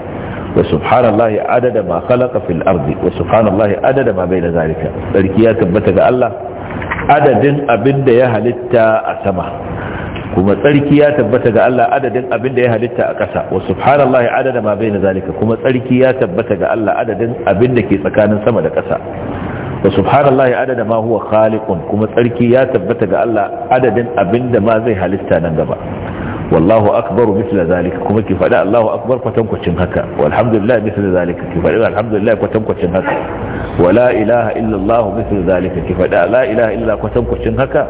wa subhanallahi adada ma khalaqa fil ardi wa subhanallahi adada ma bayna zalika sarki ya tabbata ga Allah adadin abinda ya halitta a sama kuma tsarki ya tabbata ga Allah adadin abinda ya halitta a ƙasa wa subhanallahi adada ma baina zalika kuma tsarki ya tabbata ga Allah adadin abinda ke tsakanin sama da ƙasa wa subhanallahi adada ma huwa khaliqun kuma tsarki ya tabbata ga Allah adadin abinda ma zai halitta nan gaba wallahu akbar mithla zalika kuma ki faɗi Allahu akbar kwatankwacin haka walhamdulillah mithla zalika ki faɗi alhamdulillah kwatankwacin haka wala ilaha illa Allah zalika ki faɗi la ilaha illa kwatankwacin haka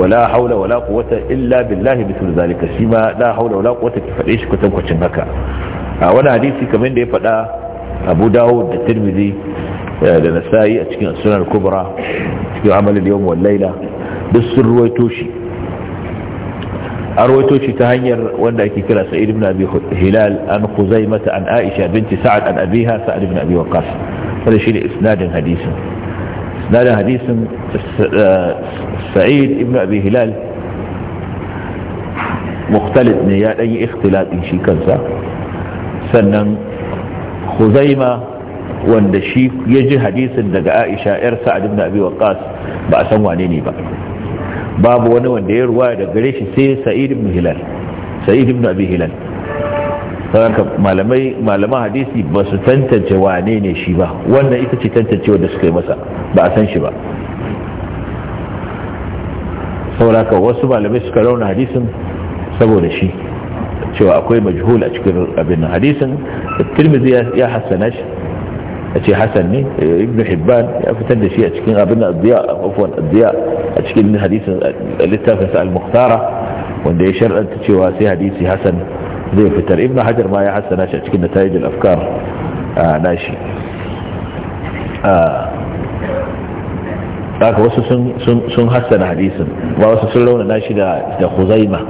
wala haula wala quwwata illa billahi mithla zalika shi ma la haula wala quwwata ki faɗe shi kwatankwacin haka a wani hadisi kamar da ya faɗa Abu dawo da Tirmidhi eh, da Nasa'i a cikin Kubra cikin amalin yawm wal duk sun ruwaito shi أرويتو تهنير وانا كرا سعيد بن أبي هلال عن خزيمة عن عائشة بنت سعد عن أبيها سعد بن أبي وقاص هذا شيء إسناد حديث إسناد حديث سعيد بن أبي هلال مختلف يا أي اختلاط شي كنسا سنن خزيمة wanda shi ya ji hadisin daga aisha 'yar sa'ad ibn abi waqas ba a babu wani wanda ya ruwa da gare shi sai sa'id ibn hilal sa'id ibn abi hilal saboda malamai malaman hadisi ba su tantance wane ne shi ba wannan ita ce tantancewa da suka yi masa ba a san shi ba saboda wasu malamai suka rauna hadisin saboda shi cewa akwai majhul a cikin abin hadisin tirmidhi ya hassana shi أتي حسن ني ابن حبان فتند شيء أتكين أبناء الضياء أفوا الضياء أتكين من حديث الاتفاس المختارة وإنه يشرع أن تتواسي حديثي حسن ذي فتر ابن حجر ما يحسن ناشي أتكين نتائج الأفكار آه، ناشي آه. آه. آه. وصو سن, سن, سن حسن حديثا وصو سن لون ناشي دا, دا خزيمة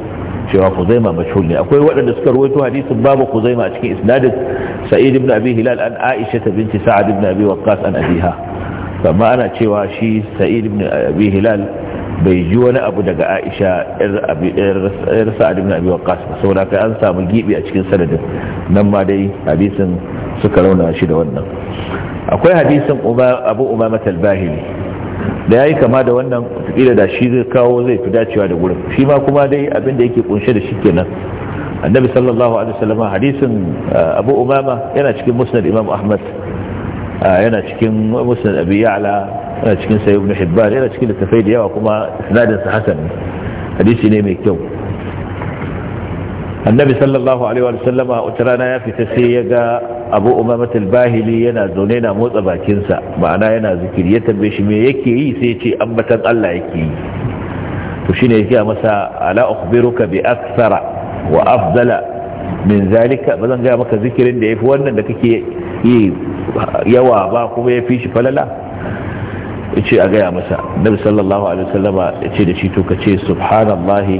cewa kuzaima mashhur ne akwai waɗanda suka rawaito hadisin babu kuzaima a cikin isnadin Sa'id ibn Abi Hilal an Aisha ta binti Sa'ad ibn Abi Waqqas an abiha amma ana cewa shi Sa'id ibn Abi Hilal bai ji wani abu daga Aisha yar Sa'ad ibn Abi Waqqas ba saboda kai an samu gibi a cikin sanadin nan ma dai hadisin suka rauna shi da wannan akwai hadisin Abu umama al da ya yi kama da wannan kila da shi zai kawo zai fi dacewa da gurin shi ma kuma dai abin da yake kunshe da shi kenan annabi sallallahu alaihi wasallam hadisin uh, abu umama yana cikin musnad imam ahmad uh, yana cikin musnad abi ya'la yana cikin sayyid ibn hibban yana cikin tafsir da yawa kuma sanadin sa hasan hadisi ne mai kyau annabi sallallahu alaihi wasallam utrana rana ya fita sai ya ga abu umamat bahili yana zaune na motsa bakinsa ma'ana yana zikiri ya tambaye shi me yake yi sai ce ambatan Allah yake yi to shine yake masa ala ukhbiruka bi akthara wa afdala min zalika bazan gaya maka zikirin da yafi wannan da kake yi yawa ba kuma yafi shi falala yace a gaya masa nabi sallallahu alaihi wasallama yace da shi to kace subhanallahi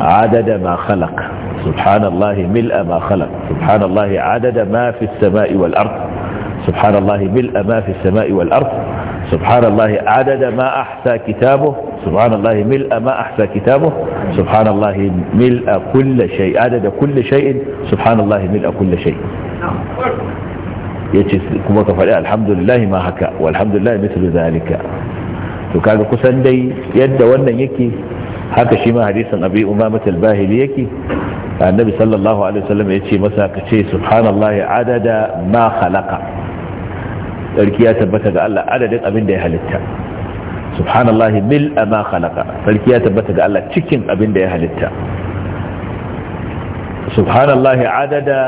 adada ma khalaqa سبحان الله ملء ما خلق سبحان الله عدد ما في السماء والأرض سبحان الله ملء ما في السماء والأرض سبحان الله عدد ما أحسى كتابه سبحان الله ملء ما أحسى كتابه سبحان الله ملء كل شيء عدد كل شيء سبحان الله ملء كل شيء yace kuma ka faɗi alhamdulillah ma haka walhamdulillah mithlu zalika to kaga kusan dai yadda wannan yake haka shi ma hadisin abi umama annabi sallallahu alaihi wasallam ya ce masa ka ce subhanallahi adada ma khalaqa sarki ya tabbata ga Allah adadin abin da ya halitta subhanallahi mil ma khalaqa sarki ya tabbata ga Allah cikin abin da ya halitta subhanallahi adada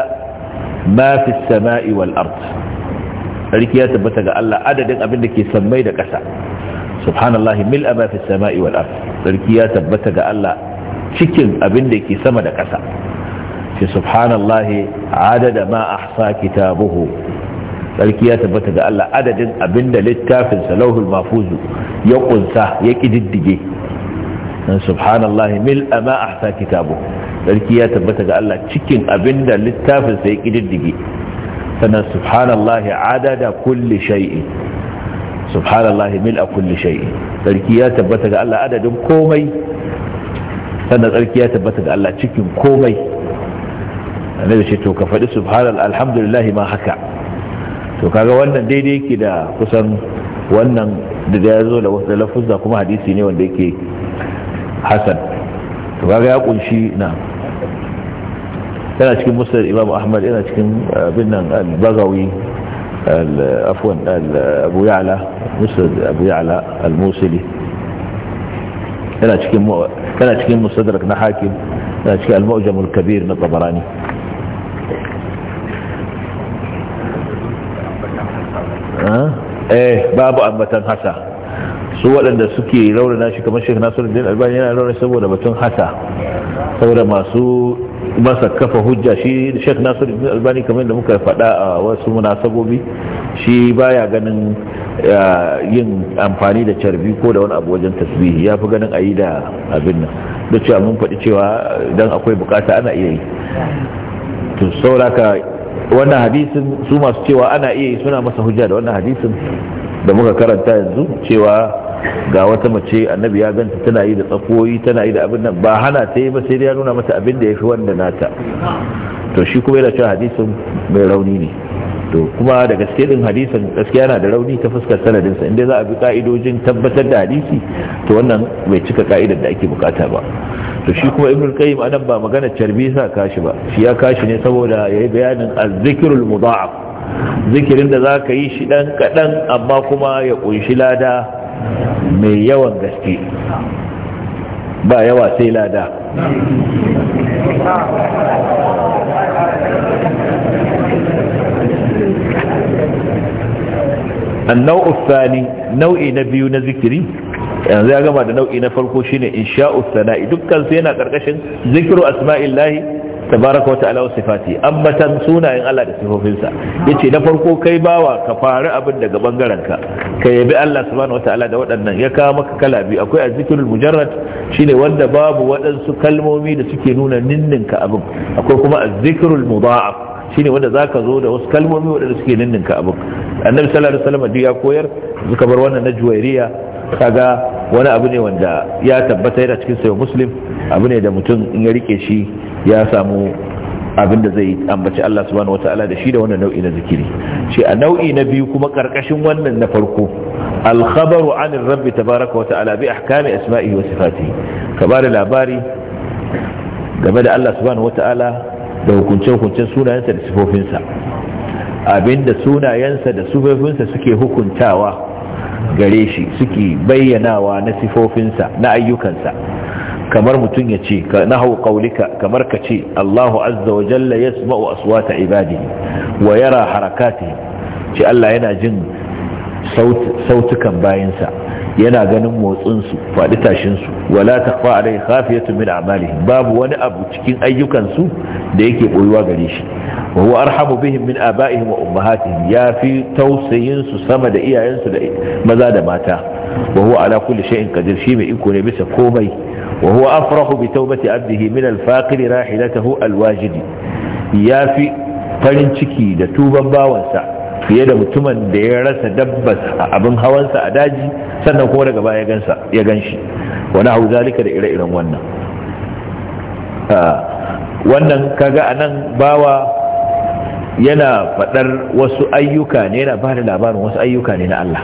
ma fi samai wal ard sarki ya tabbata ga Allah adadin abin da ke sammai da ƙasa subhanallahi mil ma fi samai wal ard sarki ya tabbata ga Allah cikin abin da ke sama da ƙasa ce subhanallahi adada ma ahsa kitabuhu sarki ya tabbata ga Allah adadin abin da littafin salahul mafuzu ya kunsa ya kididdige dan subhanallahi mil ma ahsa kitabuhu sarki ya tabbata ga Allah cikin abin da littafin sa ya kididdige sannan subhanallahi adada kulli shay'in subhanallahi mil kulli shay'in sarki ya tabbata ga Allah adadin komai sannan tsarki ya tabbata ga Allah cikin komai annabi ce to ka faɗi subhanal alhamdulillah ma haka to kaga wannan daidai yake da kusan wannan da ya zo da wasu lafuzza kuma hadisi ne wanda yake hasan to kaga ya kunshi na yana cikin musnad imam ahmad yana cikin uh, bin nan al-bagawi afwan abu ya'la musnad abu ya'la al-musili yana cikin yana cikin musadrak na hakim yana cikin al-mu'jam al-kabir na tabarani ah? eh babu ambatan hasa su waɗanda suke raunana shi kamar shek nasiruddin albani yana raunana saboda batun hasa saboda masu masa kafa hujja shi shek nasiruddin albani kamar da muka faɗa a wasu munasabobi shi baya ganin yin amfani da carbi ko da wani abu wajen tasbihi ya fi ganin a yi da abin nan da cewa mun faɗi cewa don akwai bukata ana iya yi to sauraka wannan hadisin su masu cewa ana iya yi suna masa hujja da wannan hadisin da muka karanta yanzu cewa ga wata mace annabi ya ganta tana yi da tsakoyi tana yi da abin nan ba hana ta yi ba sai ya nuna mata abin da ya fi wanda nata to shi kuma yana cewa hadisin mai rauni ne to kuma da gaske din hadisin gaskiya yana da rauni ta fuskar sanadin sa inda za a bi ka'idojin tabbatar da hadisi to wannan bai cika ka'idar da ake bukata ba to shi kuma ibnu qayyim anan ba magana carbi sa kashi ba shi ya kashi ne saboda yayi bayanin az-zikrul mudha'af zikirin da zaka yi shi dan kadan amma kuma ya kunshi lada mai yawan gaske ba yawa sai lada النوع الثاني نوع نبي zikiri yanzu ya gama da nau'i na farko shine in sha dukkan dukkansu yana karkashin zikiru asma'illahi tabaraka wata'ala wa sifati sunayen Allah da sifofinsa ce na farko kai bawa ka fari abin daga bangaren ka ka yabi Allah subhanahu wata'ala da waɗannan ya kawo maka kala biyu akwai azzikrul mujarrad shine wanda babu waɗansu kalmomi da suke nuna ninninka abin akwai kuma azzikrul mudha'af shine wanda zaka zo da wasu kalmomi wadanda suke ninninka abin annabi sallallahu alaihi wasallam duk ya koyar suka bar wannan na juwairiya kaga wani abu ne wanda ya tabbata yana cikin sayo muslim abu ne da mutum in ya rike shi ya samu abin da zai ambaci Allah subhanahu wata'ala da shi da wannan nau'i na zikiri shi a nau'i na biyu kuma karkashin wannan na farko alkhabaru anir rabbi tabaraka wata'ala bi ahkami asma'ihi wa sifatihi ka labari game da Allah subhanahu wata'ala da hukunce-hukuncen sunayensa da sifofinsa abinda sunayensa da sifofinsa suke hukuntawa gare shi suke bayyanawa na sifofinsa na ayyukansa kamar mutum ya ce na hau kaulika kamar ka ce Allahu azza wa jalla ya sma'u aswata ibadi wa yara harakati ce Allah yana jin sautukan bayansa yana ganin motsinsu faɗi tashinsu wala ta fa'arai khafiyatu min amali babu wani abu cikin ayyukansu da yake ɓoyuwa gare shi wa huwa arhamu bihim min aba'ihim wa ummahatihim ya fi tausayinsu sama da iyayensu da maza da mata wa huwa ala kulli shay'in qadir shi mai iko ne bisa komai wa huwa afrahu bi tawbati abdihi min al-faqir rahilatahu al-wajidi ya fi farin ciki da tuban bawansa fiye da mutumin da ya rasa dabbas a abin hawansa a daji sannan kuma daga baya gansa ya ganshi wani hau zalika da ire-iren wannan ah, wannan kaga anan bawa yana faɗar wasu ayyuka ne yana ba da labarin wasu ayyuka ne na Allah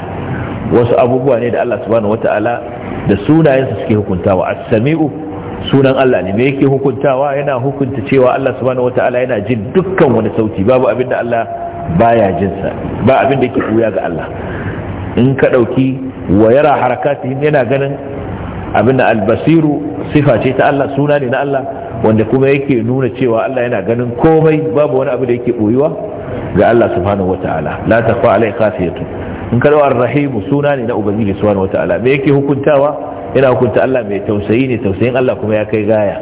wasu abubuwa ne da Allah subhanahu wata'ala da sunayensa suke hukuntawa as-sami'u sunan Allah ne me yake hukuntawa yana hukunta cewa Allah subhanahu wata'ala yana jin dukkan wani sauti babu abin da Allah baya jinsa ba abin da yake buya ga Allah in ka ɗauki wa yara harakatihim yana ganin abin da albasiru sifa ce ta Allah suna ne na Allah wanda kuma yake nuna cewa Allah yana ganin komai babu wani abu da yake boyuwa ga Allah subhanahu wataala la takwa alai khafiyatu in ka dawo arrahimu suna ne na ubangiji subhanahu wataala me yake hukuntawa yana hukunta Allah mai tausayi ne tausayin Allah kuma ya kai gaya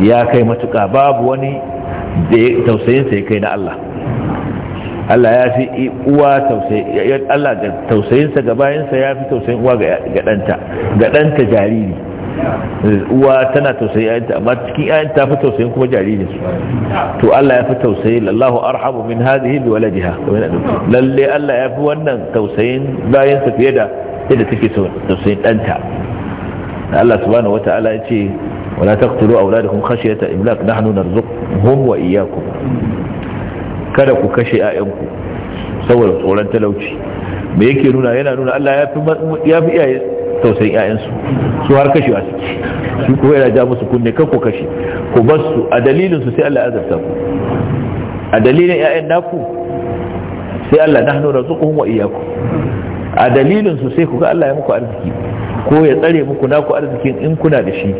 ya kai matuƙa babu wani da tausayinsa ya kai na Allah Allah ya fi uwa tausayin Allah ga tausayinsa ga bayansa ya fi tausayin uwa ga ɗanta ga ɗanta jariri uwa tana tausayin ayanta amma cikin ayan ta fi tausayin kuma jaririn su to Allah ya fi tausayin lallahu arhamu min hadhihi bi waladiha lalle Allah ya fi wannan tausayin bayansa fiye da yadda take tausayin ɗanta Allah subhanahu wataala ya ce wala taqtulu auladakum khashyata imlak nahnu narzuquhum wa iyyakum kada ku kashe 'ya'yanku saboda tsoron talauci me yake nuna yana nuna Allah ya fi iyaye tausayin 'ya'yansu su har kashewa suke Su kuma yana ja musu kunne kan ku kashe ku bar su a dalilin su sai Allah ya zarta ku a dalilin 'ya'yan naku sai Allah na nahnu razuquhum wa iyyakum a dalilin su sai ku ga Allah ya muku arziki ko ya tsare muku naku arzikin in kuna da shi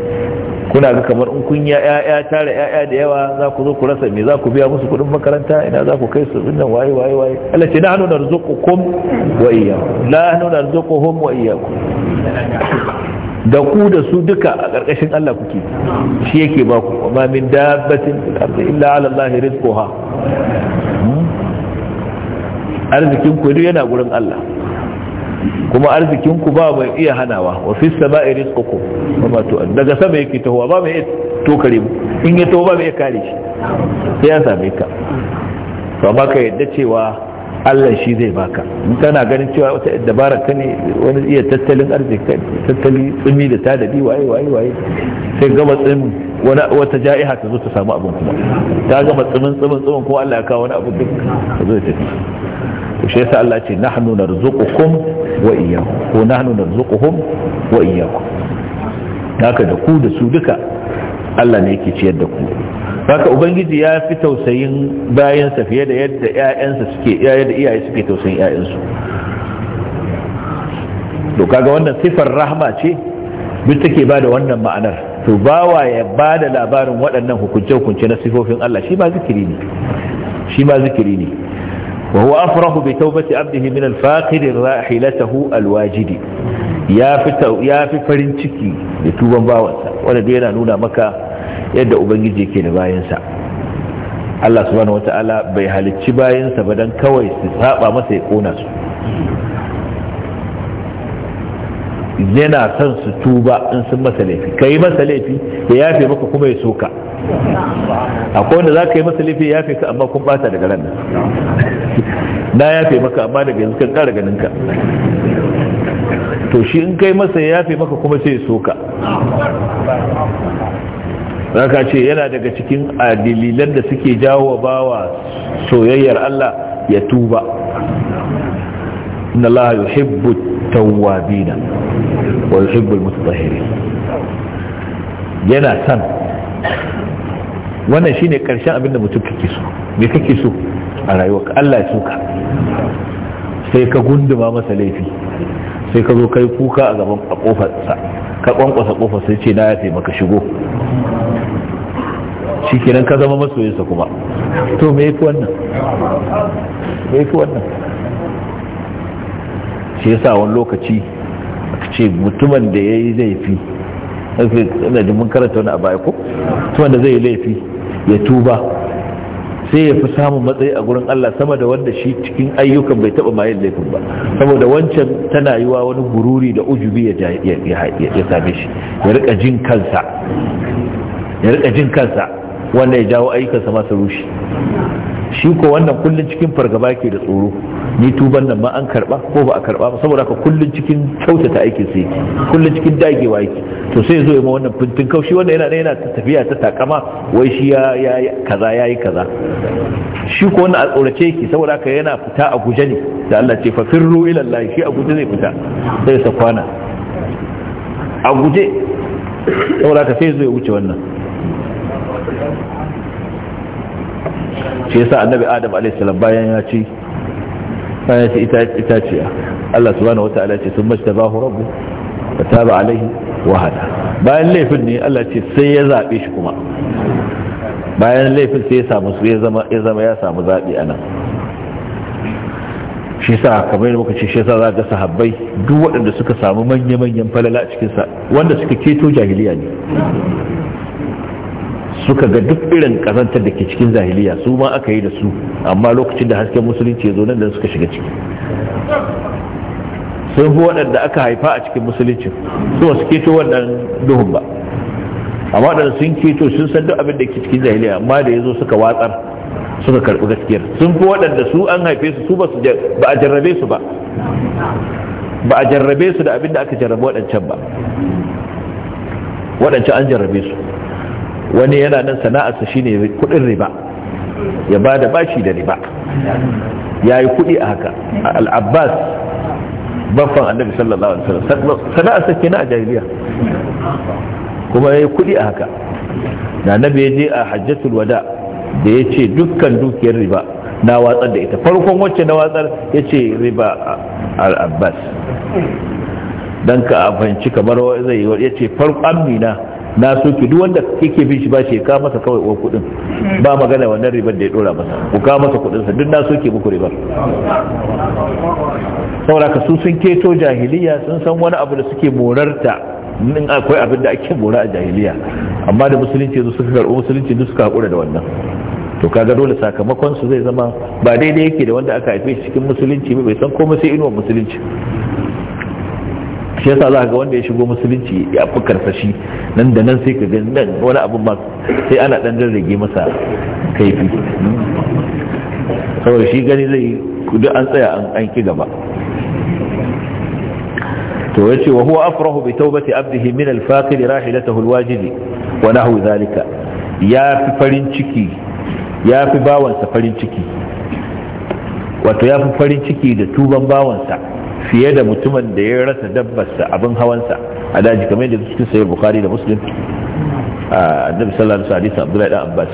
kuna ga kamar in kun ya ya'ya tare ya'ya da yawa za ku zo ku rasa me za ku biya musu kuɗin makaranta ina za ku kai su inda waye waye waye Allah ce nahnu narzuqukum wa iyyakum nahnu narzuquhum wa iyyakum da ku da su duka a ƙarƙashin Allah kuke shi yake ba ku amma min dabbatin ardi illa ala Allah rizquha hmm? arzikin ku yana gurin Allah kuma arzikin ku ba mai iya hanawa wa fi sama'i rizqukum ma to daga sama yake tahowa ba mai to kare mu in ya taho ba mai kare shi sai ya same ka to amma ka yadda cewa Allah shi zai baka in kana ganin cewa wata dabara ta ne wani iya tattalin arziki tattali tsumi da tadadi waye waye waye sai gaba tsim wani wata ja'iha ta zo ta samu abin kuma ta gama tsimin tsimin tsimin ko Allah ya kawo wani abu duk ta zo ta tafi to shi yasa Allah ce nahnu narzuqukum wa iyyakum ko nahnu narzuquhum wa iyyakum haka da ku da su duka Allah ne yake ciyar da ku haka ubangiji ya fi tausayin bayansa fiye da yadda ƴaƴansa suke yadda iyaye suke tausayin ƴaƴansu to kaga wannan sifar rahma ce duk take ba da wannan ma'anar to bawa ya ba da labarin waɗannan hukunce-hukunce na sifofin Allah shi ma zikiri ne shi ma zikiri ne wa huwa afrahu bi tawbati abdihi min al-faqir rahilatahu al-wajidi ya fi farin ciki da tuban bawansa wanda yana nuna maka yadda ubangiji yake da bayansa Allah subhanahu ta'ala bai halicci bayansa ba don kawai su saba masa ya kona su yana son su tuba in sun masa laifi ka yi masa laifi ya yafe maka kuma ya soka akwai wanda za ka yi masa laifi ya yafe ka amma kun bata daga ran na yafe maka amma daga yanzu kan kara ganin ka to shi in kai masa ya yafe maka kuma sai ya soka zaka ce yana daga cikin dalilan da suke jawo bawa soyayyar Allah ya tuba inna Allah yuhibbu tawwabina wa yuhibbu almutatahhirin yana san wannan shine karshen abin da mutum kake so me kake so a rayuwarka Allah ya soka sai ka gunduma masa laifi sai ka zo kai kuka a gaban kofar sa ka kwankwasa kofar sai ce na ya taimaka shigo shi kenan ka zama masoyinsa kuma to me yafi wannan me yafi wannan shi yasa wani lokaci aka ce mutumin da ya yi laifi ina da mun karanta wani a baya ko mutumin da zai yi laifi ya tuba sai ya fi samun matsayi a gurin Allah sama da wanda shi cikin ayyukan bai taba mayin laifin ba saboda wancan tana yiwa wani gururi da ujubi ya same shi ya rika jin kansa ya rika jin kansa wanda ya jawo ayyukansa masa rushe shi ko wannan kullun cikin fargaba ke da tsoro ni tuban nan ma an karba ko ba a karba ba saboda ka kullun cikin kyautata aikin sai yake kullun cikin dagewa yake to sai zo ya ma wannan fintin kaushi wanda yana yana tafiya ta takama wai shi ya ya kaza yayi kaza shi ko wannan a tsorace yake saboda ka yana fita a guje ne da Allah ce fa firru ila Allah shi a guje zai fita sai sa kwana a guje saboda ka sai zo ya wuce wannan shi yasa annabi adam salam bayan ya ci bayan ci itaciya Allah subhanahu wata'ala ce sun mace bahu rabu da taba alaihi wahala bayan laifin ne Allah ce sai ya zaɓe shi kuma bayan laifin sai ya samu su ya zama ya samu zaɓe a nan shi sa kamar yadda muka ce shi sa za ga sahabbai duk waɗanda suka samu manya-manyan falala a cikinsa wanda suka keto jahiliya ne suka ga duk irin kazantar da ke cikin zahiliya su ma aka yi da su amma lokacin da hasken musulunci ya zo nan da suka shiga ciki sun fi waɗanda aka haifa a cikin musulunci su wasu keto wannan duhun ba amma waɗanda sun keto sun san duk abin da ke cikin zahiliya amma da ya zo suka watsar suka karɓi gaskiyar sun fi waɗanda su an haife su su ba a jarrabe su ba ba a jarrabe su da abin da aka jarrabe waɗancan ba waɗancan an jarrabe su wani yana nan sana'arsa shine kudin riba ya ba da bashi da riba ya yi kudi a haka al'abbas baffan annabi sallallahu alaihi wasallam sana'arsa kenan a jahiliya kuma ya yi kudi a haka da annabi ya je a hajjatul wada da ya ce dukkan dukiyar riba na watsar da ita farkon wacce na watsar ya ce riba al'abbas Dan ka abanci kamar zai yi ya ce farkon amina na soke duk wanda kike bin shi ba shi ka masa kawai uwar kudin ba magana wannan ribar da ya dora masa ku ka masa kudin sa duk na soke muku ribar saboda ka su sun keto jahiliya sun san wani abu da suke morarta in akwai abin da ake mora a jahiliya amma da musulunci su suka karɓo musulunci duk suka haƙura da wannan to kaga dole sakamakon su zai zama ba daidai yake da wanda aka haife cikin musulunci bai san komai sai inuwar musulunci shi yasa za ga wanda ya shigo musulunci ya fi karsashi nan da nan sai ka ga nan wani abu ba sai ana dan rage masa kaifi saboda shi gani zai duk an tsaya an ki gaba to ce wa huwa afrahu bi tawbati abdihi min al-faqir rahilatahu al-wajid wa nahwu zalika ya fi farin ciki ya fi bawansa farin ciki wato ya fi farin ciki da tuban bawansa fiye da mutumin da ya rasa dabbarsa abin hawansa a daji kamar yadda cikin sayar bukari da muslim a annabi sallallahu alaihi wasallam abdullahi dan abbas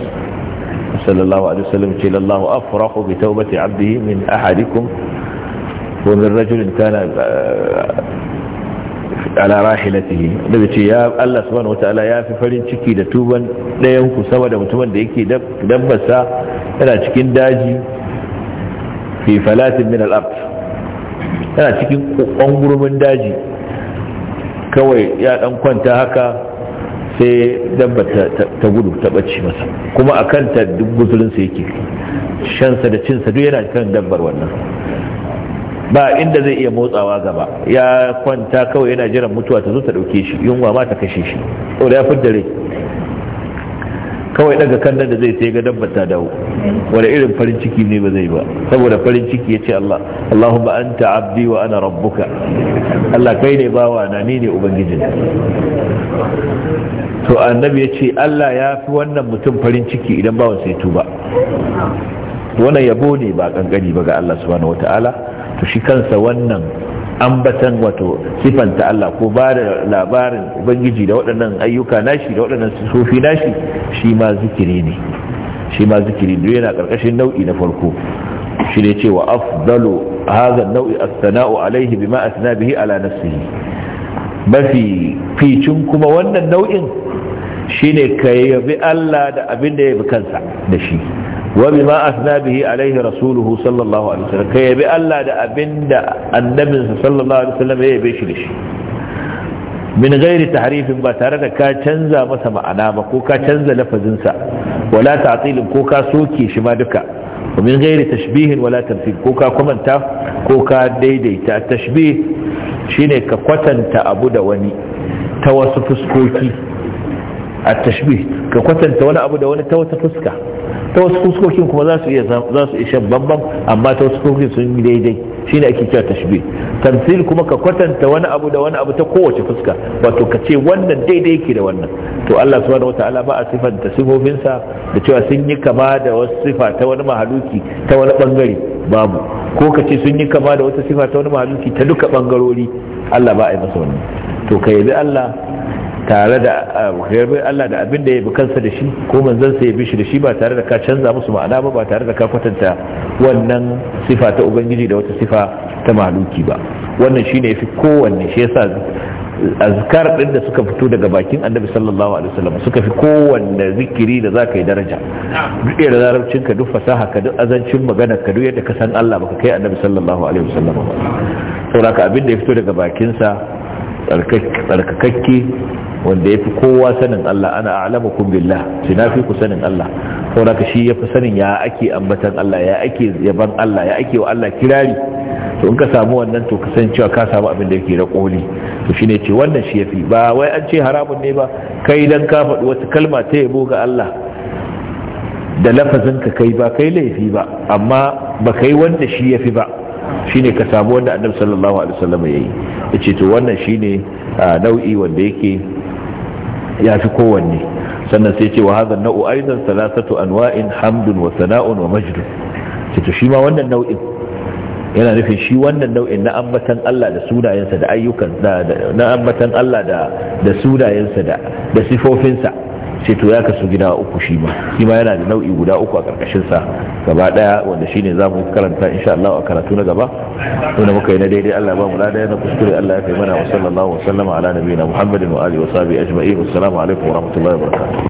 sallallahu alaihi wasallam ce lallahu afrahu bi tawbati abdihi min ahadikum wa min rajulin kana ala rahilatihi ce ya Allah subhanahu wataala ya fi farin ciki da tuban ɗayan ku sama da mutumin da yake dabbarsa yana cikin daji fi falatin min al yana cikin gurumin daji kawai ya dan kwanta haka sai dabba ta gudu ta ɓace masa kuma a kanta duk guzurinsa yake shansa da cinsa duk yana kan dabbar wannan ba inda zai iya motsawa gaba ya kwanta kawai yana jiran mutuwa ta zo ta ɗauke shi yunwa ma ta kashe shi da ya fidda rai kawai daga kan da zai sai ga dabbar ta dawo wani irin farin ciki ne ba zai ba saboda farin ciki yace Allah Allahumma anta abdi wa ana rabbuka Allah kai ne bawa na ni ne ubangijin to annabi ya ce Allah ya fi wannan mutum farin ciki idan bawan sai tuba wannan yabo ne ba kankani ba ga Allah subhanahu wataala to shi kansa wannan ambatan wato sifanta Allah ko ba da labarin ubangiji da waɗannan ayyuka nashi da waɗannan sufi nashi shi ma zikiri ne shi ma zikiri ne yana ƙarƙashin nau'i na farko shi ne cewa afdalu hadha nau'i as-sana'u alayhi bima asna bihi ala nafsihi mafi ficin kuma wannan nau'in shine ka yabi Allah da abin da ya bi kansa da shi wa bima asna bihi alaihi rasuluhu sallallahu alaihi wasallam kai yabi Allah da abinda annabinsa sallallahu alaihi wasallam ya yabe shi da shi min ghairi tahrifin ba tare da ka canza masa ma'ana ba ko ka canza lafazinsa wala ta'tilin ko ka soke shi duka wa min ghairi tashbihin wala tamthil ko ka kwamanta ko ka daidaita tashbih shine ka kwatanta abu da wani ta wasu fuskoki ka kwatanta wani abu da wani ta fuska ta wasu fuskokin kuma za su iya za su isha bambam amma ta wasu fuskokin sun yi daidai shine ake cewa tashbi tamsil kuma ka kwatanta wani abu da wani abu ta kowace fuska wato ka ce wannan daidai yake da wannan to Allah subhanahu wataala ba a sifanta sifofinsa da cewa sun yi kama da wasu sifa ta wani mahaluki ta wani bangare babu ko ka ce sun yi kama da wata sifa ta wani mahaluki ta duka bangarori Allah ba a yi masa wannan to ka yabi Allah tare da ah, yarbe Allah da abin da ya bi kansa da shi ko manzansa ya bi shi da shi ba tare da ka canza musu ma'ana ba ba tare da ka kwatanta wannan sifa ta ubangiji da wata sifa ta mahaluki ba wannan shine fi kowanne shi yasa azkar din da suka fito daga bakin annabi sallallahu alaihi wasallam suka fi kowanne zikiri da zaka yi daraja duk da larabcin ka duk fasaha ka duk azancin magana ka duk yadda ka san Allah baka kai annabi sallallahu alaihi wasallam ba saboda abin da ya fito daga bakin sa tsarkakakke wanda ya fi kowa sanin Allah ana alama billah shi na fi ku sanin Allah saboda ka shi ya fi sanin ya ake ambatan Allah ya ake yaban Allah ya ake wa Allah kirari to in ka samu wannan to kasan cewa ka samu abin da yake da koli to shine ce wannan shi ya fi. ba wai an ce haramun ne ba kai dan ka faɗi wata kalma ta yabo ga Allah da lafazin ka kai ba kai laifi ba amma ba kai wanda shi ya fi ba shine ka samu wanda annabi sallallahu alaihi wasallam yayi yace to wannan shine nau'i wanda yake ya fi kowanne sannan sai ce wa hadha nau'u aidan thalathatu anwa'in hamdun wa sana'un wa majdun ce to shi ma wannan nau'in yana nufin shi wannan nau'in na ambatan Allah da sunayensa da ayyukan na ambatan Allah da da sunayensa da da sifofinsa sai to ya kasu gida uku shi ma shi ma yana da nau'i guda uku a karkashin sa gaba daya wanda shine zamu karanta insha Allah a karatu na gaba wanda muka yi na daidai Allah ba mu lada na kuskure Allah ya kai mana wa sallallahu wa sallama ala nabiyina Muhammadin wa alihi wa sahbihi ajma'in assalamu alaikum wa rahmatullahi wa barakatuh